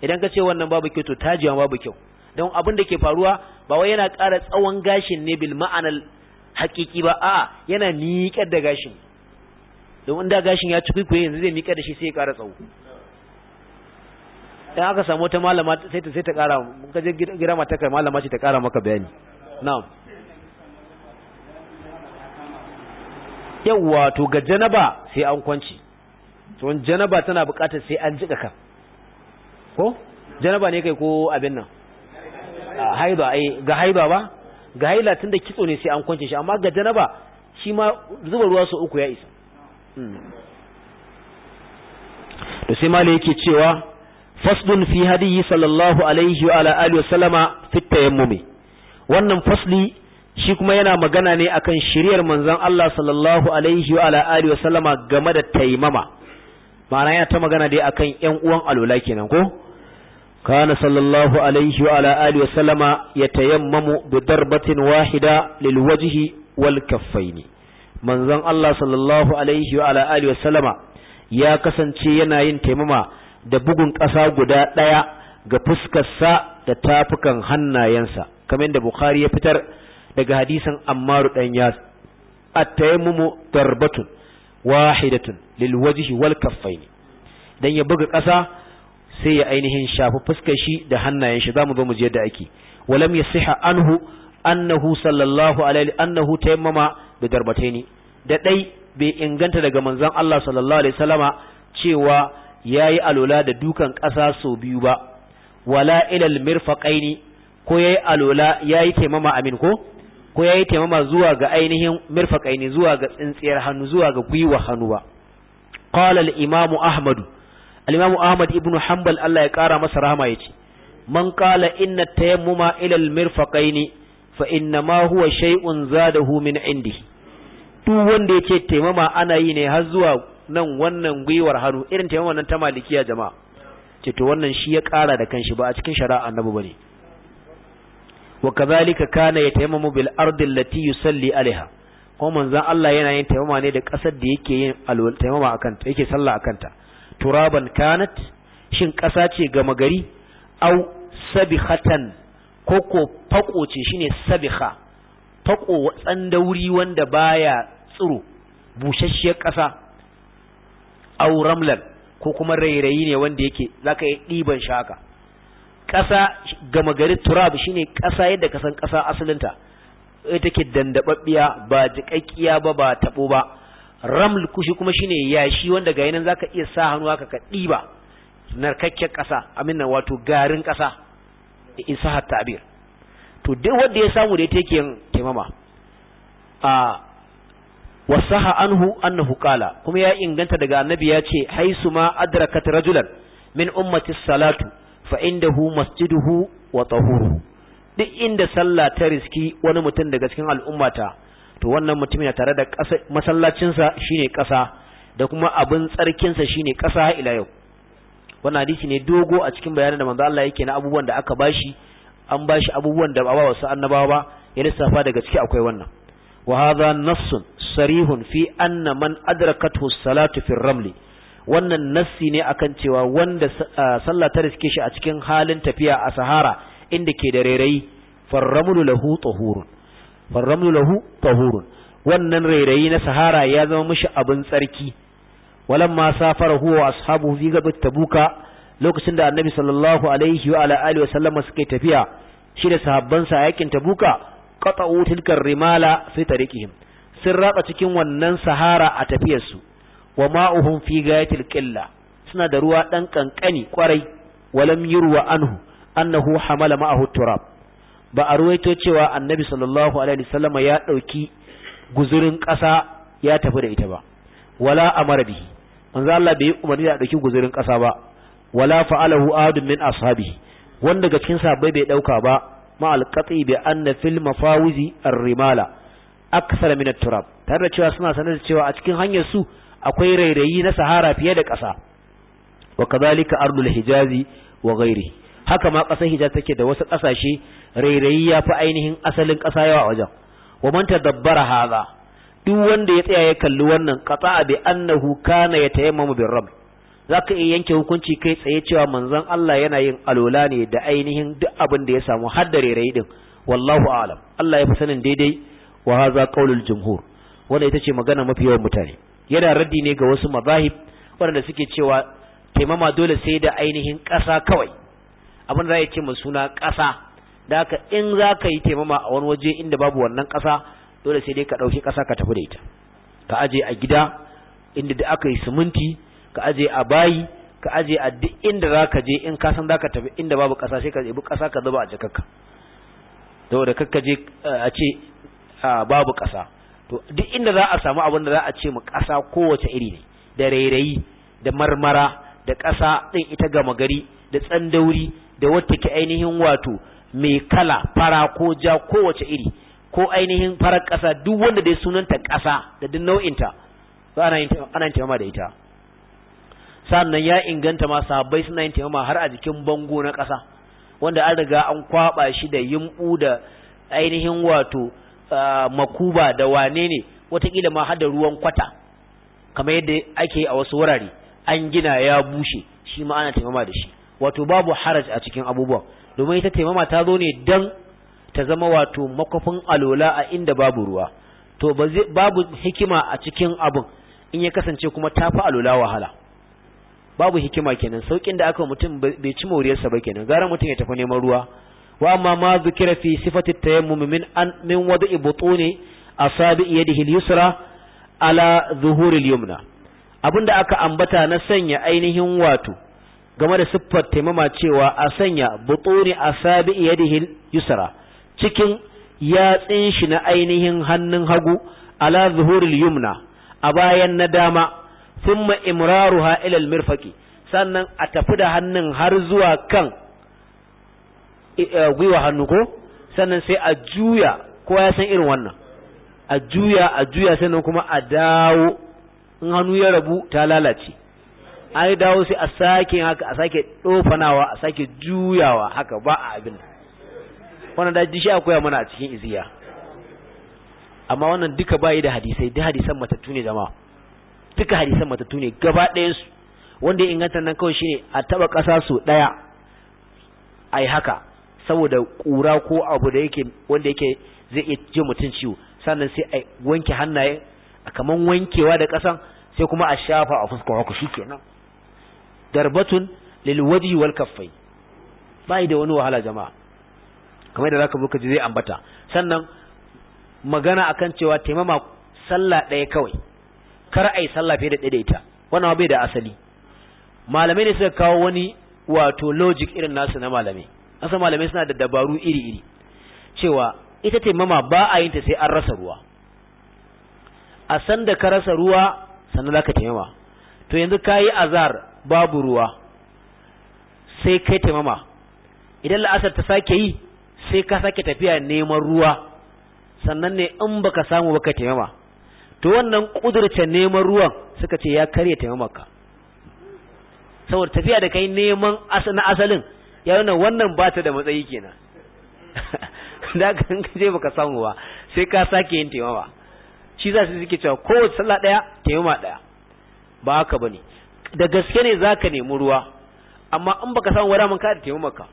idan ka ce wannan babu kyau to tajiwa babu kyau don abin da ke faruwa ba wai yana ƙara tsawon gashin ne bil ma'anar hakiki ba a yana miƙar da gashin domin da gashin ya ci kwaikwaye yanzu zai miƙar da shi sai ya ƙara tsawo dan aka samu wata malama sai ta sai ta ƙara ka je gida mata malama ce ta ƙara maka bayani na'am yawwa to ga janaba sai an kwanci to janaba tana buƙatar sai an jika ka ko janaba ne kai ko abin nan Haidu, ai ga haidu ba ga haila tunda kitso ne sai an kwance shi amma ga janaba shi ma zuba ruwa su uku ya isa hmm. to sai malai yake cewa fasdun fi hadiyi sallallahu alaihi wa ala alihi wa sallama fit tayammumi wannan fasli shi kuma yana magana ne akan shiryar manzon Allah sallallahu alaihi wa alihi wa sallama game da taimama ma'ana yana ta magana dai akan ƴan uwan alula kenan ko kana sallallahu alaihi wa alihi wa sallama yatayammamu bi darbatin wahida lil wajhi wal kaffain manzon Allah sallallahu alaihi wa alihi wa sallama ya kasance yana yin taimama da bugun ƙasa guda ɗaya ga fuskarsa da tafukan hannayensa kamar da bukhari ya fitar daga hadisin ammaru dan yas at-tayammumu darbatun wahidatun lil wajhi wal kaffaini dan ya buga ƙasa sai ya ainihin shafi fuskar shi da hannayen shi zamu zo mu je yadda ake walam yasiha anhu annahu sallallahu alaihi annahu tayammama bi darbataini da dai bai inganta daga manzon Allah sallallahu alaihi wasallama cewa yayi alula da dukan ƙasa sau biyu ba wala ilal mirfaqaini ko yayi alola yayi taimama amin ko ko yayi taimama zuwa ga ainihin mirfaqaini zuwa ga tsintsiyar hannu zuwa ga gwiwa hannu ba qala al-imamu ahmad al-imamu ahmad ibnu hanbal Allah ya kara masa rahama yace man qala inna tayammuma ila al-mirfaqaini fa inna ma huwa shay'un zadahu min indihi duk wanda yake taimama ana yi ne har zuwa nan wannan gwiwar hannu irin taimama nan ta malikiya jama'a ce to wannan shi ya kara da kanshi ba a cikin shari'a annabi bane wa kadhalika kana yatayammamu bil ardi allati yusalli alaiha ko manzon Allah yana yin tayammuma ne da kasar da yake yin alwal tayammuma akan ta yake sallah akan ta turaban kanat shin ƙasa ce gama gari au sabihatan ko ko fako ce shine sabiha fako tsandauri wanda baya tsiro bushashshiyar ƙasa au ramlan ko kuma rairayi ne wanda yake zaka yi diban shaka ƙasa gama gari turab shine ƙasa yadda ka san ƙasa asalinta ita take dandababbiya ba jiƙaƙƙiya ba ba tabo ba raml kushi kuma shine yashi wanda ga yanan zaka iya sa hannu haka ka diba narkakken ƙasa na wato garin ƙasa isa tabir to duk wanda ya samu da take yin taimama a wasaha anhu annahu qala kuma ya inganta daga annabi ya ce haisuma adrakat rajulan min ummati salatu fa hu masjiduhu wa tahuru duk inda sallah ta riski wani mutum daga cikin al'ummata to wannan mutum yana tare da masallacinsa shine kasa da kuma abin tsarkinsa shine ƙasa ila yau wannan hadisi ne dogo a cikin bayanin da manzo Allah yake na abubuwan da aka bashi an bashi abubuwan da ba wasu annabawa ba ya lissafa daga ciki akwai wannan wa hadha nassun sarihun fi anna man adrakathu salatu fi ramli wannan nassi ne akan cewa wanda sallah ta riske shi a cikin halin tafiya a sahara inda ke da rairayi farramulu lahu tahurun farramulu lahu tahurun wannan rairayi na sahara ya zama mishi abin tsarki walamma safara huwa wa fi gabat tabuka lokacin da annabi sallallahu alaihi wa ala alihi wa suke tafiya shi da sahabbansa a yakin tabuka qata'u tilkar rimala fi tariqihim sun ratsa cikin wannan sahara a tafiyarsu wa ma'uhum fi gayatil suna da ruwa ɗan ƙanƙani kwarai walam yurwa anhu annahu hamala ma'ahu turab ba a ruwaito cewa annabi sallallahu alaihi wasallama ya ɗauki guzurin ƙasa ya tafi da ita ba wala amara bihi manzo Allah bai umarni da dauki guzurin ƙasa ba wala fa'alahu adun min ashabi wanda daga cikin sahabbai bai ɗauka ba ma alqati bi anna fil mafawizi ar-rimala akthar min at-turab tare da cewa suna sanar da cewa a cikin hanyar su akwai rairayi na sahara fiye da ƙasa wa kazalika ardul hijazi wa ghairi haka ma ƙasar hijaz take da wasu ƙasashe rairayi ya fi ainihin asalin ƙasa yawa wajen wa man tadabbara hadha duk wanda ya tsaya ya kalli wannan qata bi annahu kana yatayammamu bir rabb zaka iya yanke hukunci kai tsaye cewa manzon Allah yana yin alola ne da ainihin duk abin da ya samu hadda rairayi din wallahu a'lam Allah ya fi sanin daidai wa hadha qaulul jumhur wannan ita ce magana mafi yawan mutane yana raddi ne ga wasu mazahib waɗanda suke cewa taimama dole sai da ainihin ƙasa kawai abin za ya ce ma suna ƙasa da aka in za ka yi taimama a wani waje inda babu wannan ƙasa dole sai dai ka ɗauki ƙasa ka tafi da ita ka aje a gida inda da aka yi siminti ka aje a bayi ka aje a duk inda za ka je in ka san za ka tafi inda babu ƙasa sai ka ɗebi ƙasa ka zuba a jakarka saboda kakka je eh, a ce ah, babu ƙasa to duk inda za a samu abin da za a ce mu ƙasa kowace iri ne da rairayi da marmara da ƙasa ɗin ita gama gari da tsandauri da wata ke ainihin wato mai kala fara ko ja kowace iri ko ainihin farar ƙasa duk wanda dai sunanta ƙasa da duk nau'inta ba ana yin taimama da ita sannan ya inganta ma sabai suna yin taimama har a jikin bango na ƙasa wanda an riga an kwaɓa shi da yimbu da ainihin wato makuba da wane ne watakila ma hada ruwan kwata kamar yadda ake a wasu wurare an gina ya bushe shi ma ana taimama da shi wato babu haraj a cikin abubuwan domin ita taimama ta zo ne dan ta zama wato makwafin alola a inda babu ruwa to babu hikima a cikin abin in ya kasance kuma ta fi alola wahala babu hikima kenan saukin da aka mutum bai ci moriyarsa ba kenan gara mutum ya tafi neman ruwa wa amma ma zikira fi sifati tayammum min an min wada'i butuni asabi yadihi al-yusra ala zuhuri al-yumna abinda aka ambata na sanya ainihin wato game da siffar taimama cewa a sanya butuni asabi yadihi al-yusra cikin yatsin shi na ainihin hannun hagu ala zuhuril yumna a bayan na dama thumma imraruha ila al-mirfaqi sannan a tafi da hannun har zuwa kan Eh, gwiwa hannu ko sannan sai a juya ko ya san irin wannan a juya a juya sannan kuma a dawo in hannu ya rabu ta lalace an dawo sai a sake haka a sake ɗofanawa a sake juyawa haka ba a abin wanda da shi akwai mana a cikin iziya amma wannan duka bayi da hadisai duka hadisan matattu ne zama duka hadisan matattu ne gaba ɗayansu wanda ya inganta nan kawai shine a taɓa ƙasa su ɗaya a yi haka saboda kura ko abu da yake wanda yake zai iya ji mutum ciwo sannan sai a wanke hannaye a kaman wankewa da ƙasan sai kuma a shafa a fuskar haka shikenan darbatun lil wajhi wal kaffai bai da wani wahala jama'a kamar da zaka buka zai ambata sannan magana akan cewa taimama sallah ɗaya kawai kar ai sallah fiye da ɗaya ita wannan bai da asali malamai ne suka kawo wani wato logic irin nasu na malamai asa malamai suna da dabaru iri-iri cewa ita taimama ba a yin ta sai an rasa ruwa a san da ka rasa ruwa sannan zaka taimama to yanzu kayi azar babu ruwa sai kai taimama idan la'asar ta sake yi sai ka sake tafiya neman ruwa sannan ne in baka samu baka taimama to wannan kudurce neman ruwan suka ce ya karya taimamarka saboda tafiya da kai neman na asalin ya nuna wannan ba ta da matsayi kenan da ka je baka samu ba sai ka sake yin taimama shi za su suke cewa kowace sallah daya taimama daya ba haka bane da gaske ne zaka nemi ruwa amma in baka samu wadaman ka da taimamaka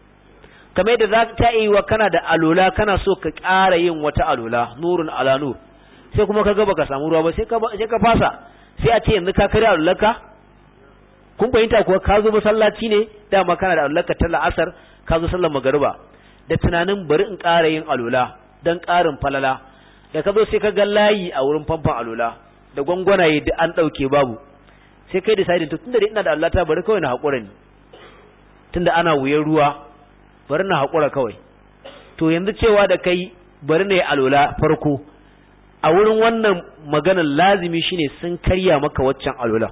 kamar yadda za ta yi wa kana da alola kana so ka ƙara yin wata alola nurun ala nur sai kuma ka ga baka samu ruwa ba sai ka sai ka fasa sai a ce yanzu ka kare alolarka kun fahimta kuwa ka zo masallaci ne dama kana da allaka ta la'asar ka zo sallar magariba da tunanin bari in ƙara yin alula don ƙarin falala da ka zo sai ka ga layi a wurin famfon alula da gwangwanaye da an ɗauke babu sai kai decide to tunda ina da allata bari kawai na haƙura ne tunda ana wuyan ruwa bari na haƙura kawai to yanzu cewa da kai bari na yi alula farko a wurin wannan maganar lazimi shine sun karya maka waccan alulan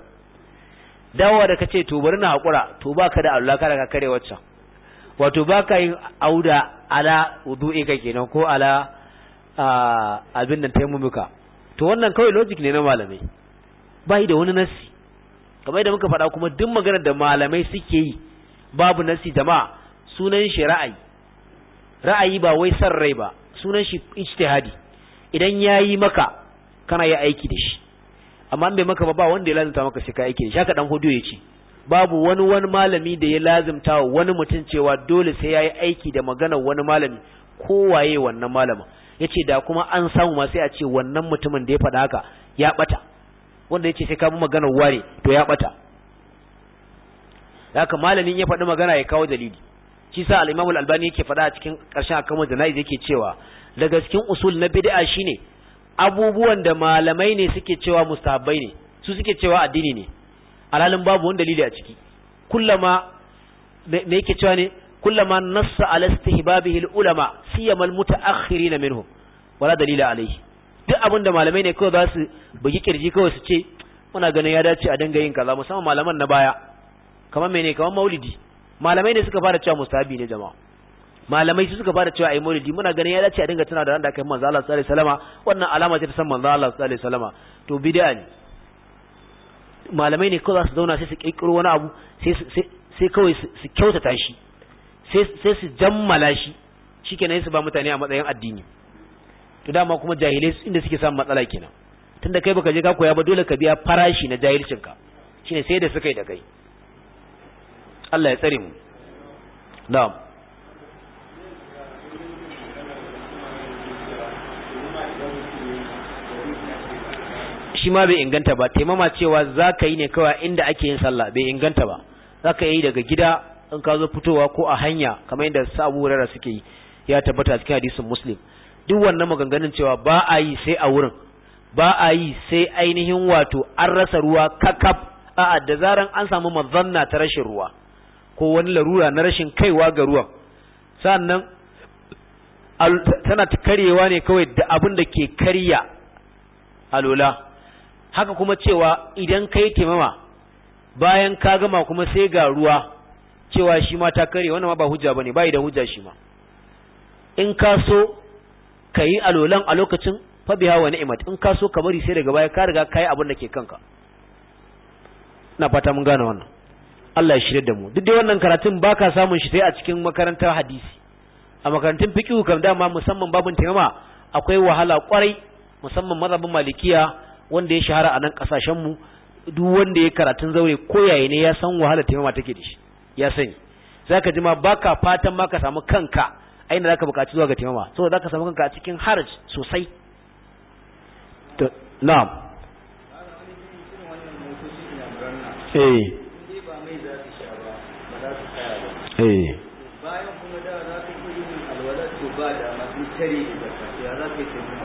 dawowa da kace to bari na hakura to baka da Allah kada ka kare waccan wato baka yin auda ala ka kenan ko ala abin nan taimumuka to wannan kawai logic ne na malamai bai da wani nasi kamar da muka faɗa kuma duk maganar da malamai suke yi babu nasi jama'a sunan shi ra'ayi ra'ayi ba wai san rai ba sunan shi ijtihadi idan yayi maka kana yi aiki da shi amma bai maka ba ba wanda ya lazimta maka shi ka aiki ne shaka dan hudu ya ce babu wani wani malami da ya lazimta wani mutum cewa dole sai yayi aiki da magana wani malami ko waye wannan malamin yace da kuma an samu ma sai a ce wannan mutumin da ya faɗa haka ya bata wanda yace sai ka bi magana ware to ya bata haka malamin ya faɗi magana ya kawo dalili shi sa al-Imam al-Albani yake faɗa a cikin ƙarshen da janaiz yake cewa daga cikin usul na bid'a shine abubuwan da malamai ne suke cewa mustahabbai ne su suke cewa addini ne alalin babu wani dalili a ciki kullama me yake cewa ne kullama nassa ala istihbabihi ulama siyama al mutaakhirin minhu wala dalila alayhi duk abin da malamai ne kawai za su bugi kirji kawai su ce muna ganin ya dace a dinga yin kaza musamman malaman na baya kamar mene kamar maulidi malamai ne suka fara cewa mustahabi ne jama'a malamai su suka fara cewa ai maulidi muna ganin ya dace a dinga tana da ran da aka yi manzo Allah sallallahu alaihi wasallama wannan alama ce ta san manzo Allah sallallahu alaihi wasallama to bid'a ne malamai ne kawai za su zauna sai su kirkiro wani abu sai sai kawai su kyautata shi sai sai su jammala shi shikenan su ba mutane a matsayin addini to dama kuma jahilai inda suke samun matsala kenan tunda kai baka je ka koya ba dole ka biya farashi na jahilcinka shine sai da suka yi da kai Allah ya tsare mu na'am shi ma bai inganta ba taimama cewa za ka yi ne kawai inda ake yin sallah bai inganta ba za ka yi daga gida in ka zo fitowa ko a hanya kamar yadda sabu wurare suke yi ya tabbata cikin hadisin muslim duk wannan maganganun cewa ba a yi sai a wurin ba a yi sai ainihin wato an rasa ruwa kakaf a'a da zaran an samu mazanna ta rashin ruwa ko wani larura na rashin kaiwa ga ruwan sannan tana karyewa ne kawai da abin da ke karya alola haka kuma cewa idan ka yi taimama bayan ka gama kuma sai ga ruwa cewa shi ma ta kare wannan ma ba hujja ba ne ba idan hujja shi ma in ka so ka yi alolan a lokacin fa hawa na imat in ka so ka bari sai daga baya ka riga ka yi abin da ke kanka na fata mun gane wannan Allah ya shirye da mu duk dai wannan karatun baka samun shi sai a cikin makarantar hadisi a makarantun fiqh kam dama musamman babun taimama akwai wahala kwarai musamman mazhabin malikiya wanda ya shahara a nan kasashen mu duk wanda ya karatun zaure ko yayi ne ya san wahala taimama take da shi ya sani zaka ji ma baka fatan ma ka samu kanka aina zaka bukaci zuwa ga taimama saboda zaka samu kanka a cikin haraj sosai to na'am eh eh bayan kuma da za ka yi alwala to ba da masu tare da zakka ya za ka yi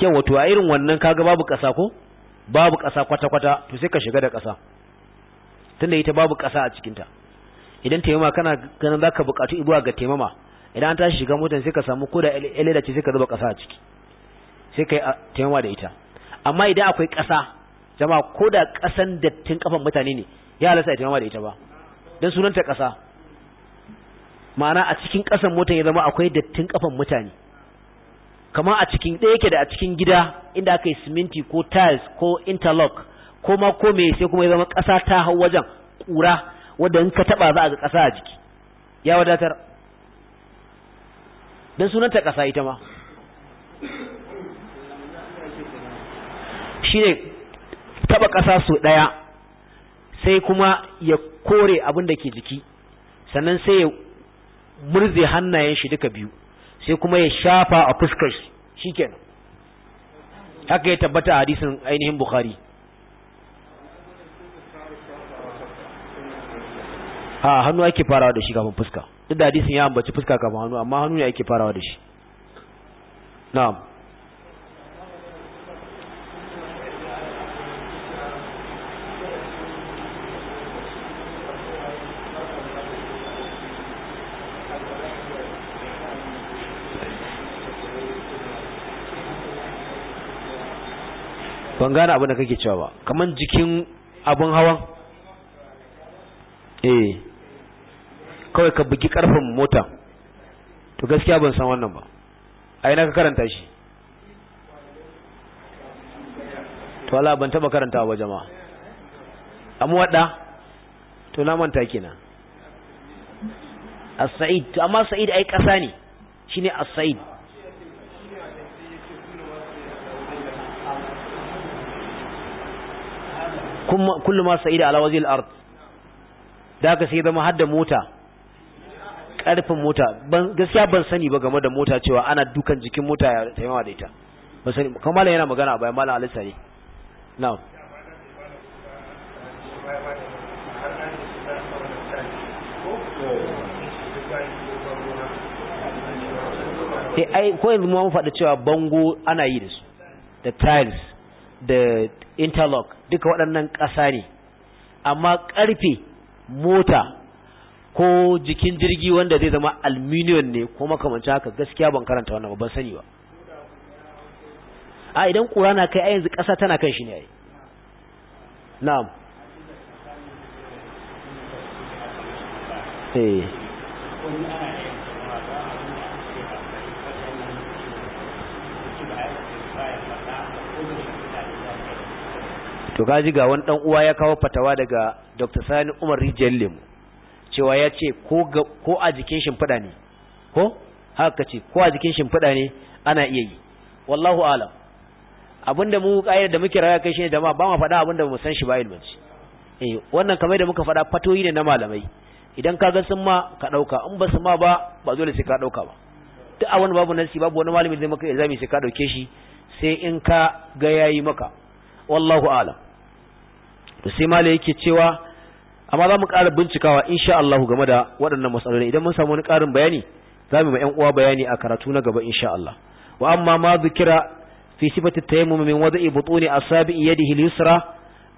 yawa wato a irin wannan kaga babu ƙasa ko babu ƙasa kwata-kwata to sai ka shiga da ƙasa tunda ita babu ƙasa a cikinta idan taimama kana ganin za ka buƙatu zuwa ga taimama idan an tashi shiga motar sai ka samu ko da eleda ce sai ka zuba ƙasa a ciki sai ka yi taimama da ita amma idan akwai ƙasa jama'a ko da ƙasan dattin kafan mutane ne ya halasta a taimama da ita ba don sunanta ƙasa ma'ana a cikin ƙasan motar ya zama akwai dattin kafan mutane kama a cikin ɗaya yake da a cikin gida inda aka yi siminti ko tiles ko interlock ko ma ko me sai kuma ya zama ƙasa ta hau wajen ƙura wadda in ka taɓa za a ga ƙasa a jiki ya wadatar don sunanta ƙasa ita ma shi ne taɓa ƙasa su ɗaya sai kuma ya kore abin da ke jiki sannan sai ya murze hannayen shi duka biyu sai kuma ya shafa a fuskar shi kenan haka ya tabbata a hadisin ainihin bukhari ha hannu ake farawa da shi kafin fuska duk da hadisin ya ambaci fuska kafin hannu amma hannu ne ake farawa da shi na'am ban gane abin da kake cewa ba kaman jikin abin hawan eh kawai ka bugi karfin mota to gaskiya ban san wannan ba a ina ka karanta shi to Allah ban taba karantawa ba jama'a amma wadda to na manta kenan as-sa'id to amma sa'id ai kasa ne shine as-sa'id kullu ma sa'ida ala wajhil ard da ka sai zama hadda mota karfin mota ban gaskiya ban sani ba game da mota cewa ana dukan jikin mota ya taimawa da ita ba sani kamar yana magana bayan malam alisa ne na'am eh, ko yanzu mun faɗa cewa bango ana yi da su da tiles da interlock duka waɗannan ƙasa ne amma ƙarfe mota ko jikin jirgi wanda zai zama aluminium ne ko makamanci haka gaskiya ban karanta wannan ban sani ba a idan ƙura na kai a yanzu ƙasa tana kan shi ne ai na'am eh. to kaji ga wani dan uwa ya kawo fatawa daga Dr. Sani Umar rijiyar Lemu cewa ya ce ko a jikin shimfiɗa ne ko haka ce ko a jikin shimfiɗa ne ana iya yi wallahu alam abinda mu ƙayar da muke raya kai shi ne da ma ba ma faɗa abinda mu san shi ba ilmanci eh wannan kamar da muka faɗa fatoyi ne na malamai idan ka ga sun ma ka ɗauka in ba su ma ba ba dole sai ka ɗauka ba duk a wani babu nasi babu wani malami zai maka ilzami sai ka ɗauke shi sai in ka ga yayi maka wallahu alam to sai malai yake cewa amma za mu ƙara bincikawa insha Allah game da waɗannan matsaloli idan mun samu wani ƙarin bayani za mu yi 'yan uwa bayani a karatu na gaba insha Allah wa amma ma zikira fi sifati tayammum min wada'i butuni asabi yadihi al-yusra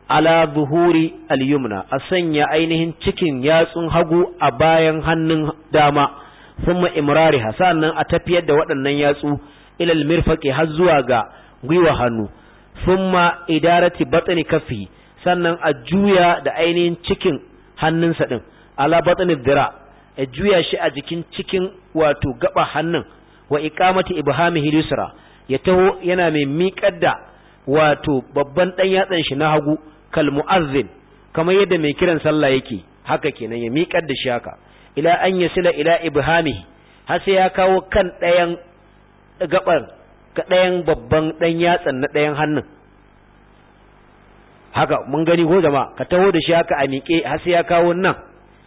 ala zuhuri al-yumna a sanya ainihin cikin yatsun hagu a bayan hannun dama thumma imrariha hasanan a tafiyar da waɗannan yatsu ilal mirfaqi har zuwa ga gwiwa hannu thumma idarati batni kafi. sannan a juya da ainihin cikin hannunsa ɗin ala batsanin dira a juya shi a jikin cikin wato gaba hannun wa ikamata Ibrahim lisra ya taho yana mai miƙar da wato babban ɗan yatsan shi na hagu kal muazzin kamar yadda mai kiran sallah yake haka kenan ya miƙar da shi haka ila an sila ila ibhamihi har sai ya kawo kan ɗayan gabar ga ɗayan babban ɗan yatsan na ɗayan hannun haka mun gani ko jama'a ka taho da shi haka a miƙe har sai ya kawo nan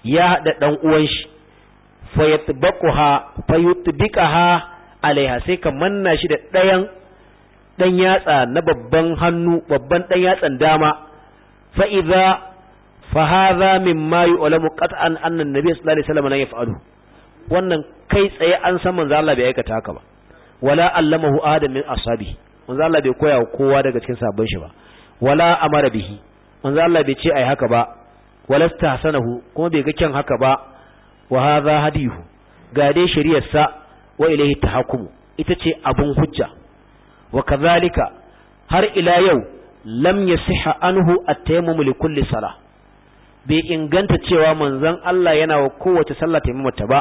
ya haɗa ɗan uwan shi fa yatbaquha fa yutbiqaha alaiha sai ka manna shi da ɗayan ɗan yatsa na babban hannu babban ɗan yatsan dama fa idza fa hadha mimma yu'lamu qat'an anna nabiy sallallahu alaihi wasallam la yaf'alu wannan kai tsaye an san manzo Allah bai aikata haka ba wala allamahu adam min ashabi manzo Allah bai koya kowa daga cikin sabon shi ba wala amara bihi manzo Allah bai ce ai haka ba walasta sanahu kuma bai ga kyan haka ba wa hadha hadihu ga dai shari'ar sa wa ilayhi tahakkumu ita ce abun hujja wa kadhalika har ila yau lam yasiha anhu at-tayammum li kulli salah bai inganta cewa manzon Allah yana wa kowace sallah tayammum ta ba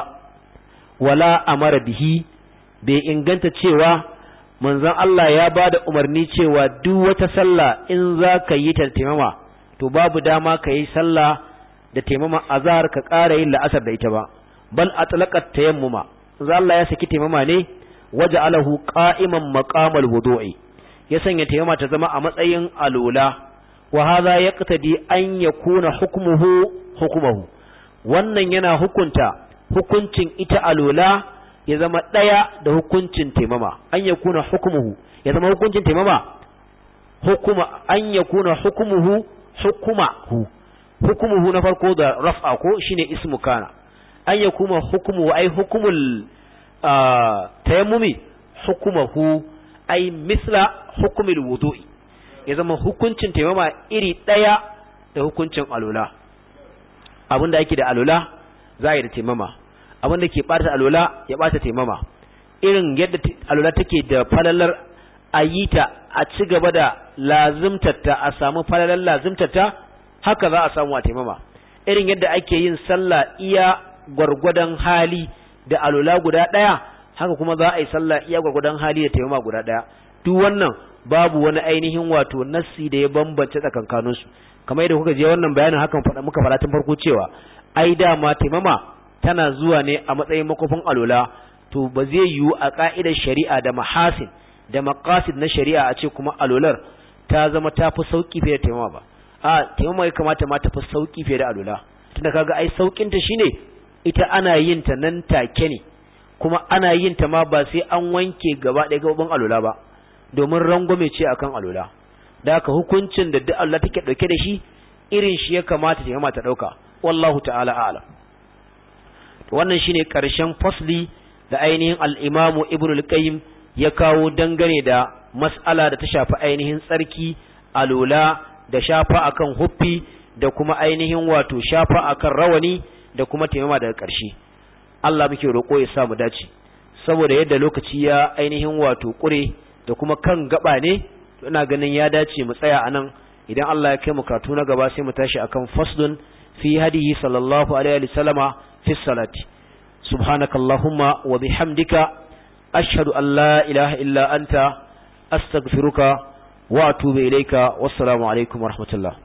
wala amara bihi bai inganta cewa manzon Allah ya ba da umarni cewa duk wata sallah in za ka yi ta taimama to babu dama ka yi sallah da taimama a zahar ka ƙara yin la'asar da ita ba bal atlaqat tayammuma manzon Allah ya saki taimama ne waja'alahu qa'iman maqamal wudu'i ya sanya taimama ta zama a matsayin alula wa hadha yaqtadi an yakuna hukmuhu hukmuhu wannan yana hukunta hukuncin ita alula ya zama ɗaya da hukuncin taimama an ya kuna hukumuhu ya zama hukuncin taimama hukuma an ya kuna hukumuhu hukumahu hukumuhu na farko da raf'a ko shine ismu kana an ya kuma hukumu ai hukumul tayammumi hukumahu ai misla hukumul wudu'i ya zama hukuncin taimama iri ɗaya da hukuncin alula abinda ake da alula za a yi da taimama abin da ke bata alwala ya bata taimama irin yadda alwala take da falalar ta a ci gaba da lazimtatta a samu falalar lazimtatta haka za a samu a taimama irin yadda ake yin sallah iya gwargwadon hali da alwala guda ɗaya haka kuma za a yi sallah iya gwargwadon hali da taimama guda ɗaya duk wannan babu wani ainihin wato nassi da ya bambance su kamar yadda kuka je wannan bayanin hakan muka fara tun farko cewa ai dama taimama tana zuwa ne a matsayin makofin alola to ba zai yiwu a ka'idar shari'a da mahasin da maqasid na shari'a a ce kuma alolar ta zama ta fi sauki fiye da taimama ba a taimama ya kamata ma ta fi sauki fiye da alola tunda kaga ai saukin ta shine ita ana yin ta nan take ne kuma ana yin ta ma ba sai an wanke gaba ɗaya gaban alola ba domin rangwame ce akan alola da haka hukuncin da duk Allah take dauke da shi irin shi ya kamata ta yi mata dauka wallahu ta'ala a'lam wannan shine karshen fasli da ainihin al-Imam Ibn al-Qayyim ya kawo dangane da mas'ala da ta shafi ainihin tsarki alula da shafa akan huffi da kuma ainihin wato shafa akan rawani da kuma taimama daga ƙarshe Allah muke roƙo ya sa mu dace saboda yadda lokaci ya ainihin wato ƙure da kuma kan gaba ne ina ganin ya dace mu tsaya anan idan Allah ya kai mu katu na gaba sai mu tashi akan fasdun fi hadihi sallallahu alaihi wa fi salati subhanakallahumma wa bihamdika ashhadu an la ilaha illa anta astaghfiruka wa atubu ilayka wassalamu alaikum warahmatullahi